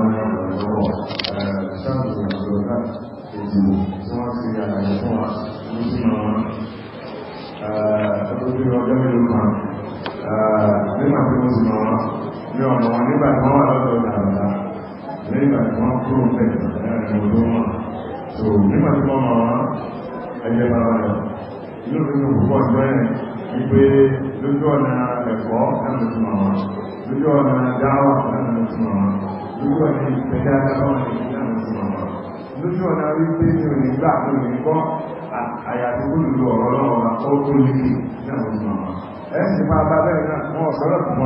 ẹ̀mùsùn àwọn lójú ọ̀nà dáwà ẹ̀mùsùn àwọn ìwọ ni ìpẹ̀dá lọ́wọ́ ní ìlànà ìsìnmọ̀ lójú ọ̀nà wípé ní òní gbà tó ní gbọ́ àyàtí ó lù ọ̀rọ̀ lọ́wọ́ ó tó lè ìlànà ìsìnmọ̀ ẹ̀sìn máa bá bẹ́ẹ̀ náà wọ́n ọ̀sọ́rọ̀ fún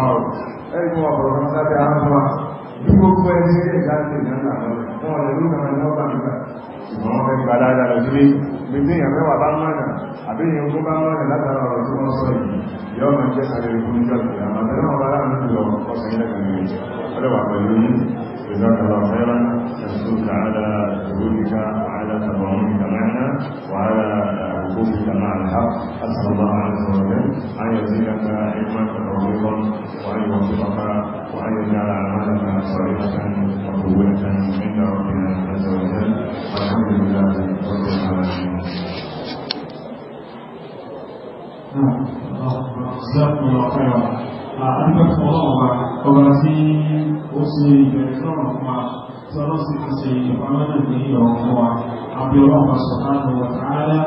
ọ̀rọ̀ wọn gbèdé èèyàn mẹ́wàá bá mọ́nà àbí èèyàn tó bá mọ́nà látara ọ̀rọ̀ tí wọ́n sọ yìí yọ́ máa jẹ́ sáré fún ìjọba àmọ́ bẹ́ẹ̀ náà wọ́n bá láàrín lọ ọ̀sẹ̀ yẹn lẹ́kàn جزاك الله خيرا نشكرك على جهودك وعلى تضامنك معنا وعلى وقوفك مع الحق اسال الله عز وجل ان يزيدك علما رغيظا وان يوفقك وان يجعل اعمالك صالحه مقبوله عند ربنا عز وجل والحمد لله رب العالمين نعم. جزاكم الله خيرا àdúgbàtọ̀wọ́lọ́wọ́ ọba tí ó ṣe ìbẹ̀rẹ̀ sọ́rọ̀ fún wa tí ọlọ́sìn ti ṣe ìjọba mẹ́rin ní ọ̀rọ̀ fún wa àbí ọlọ́pàá sọ̀rọ̀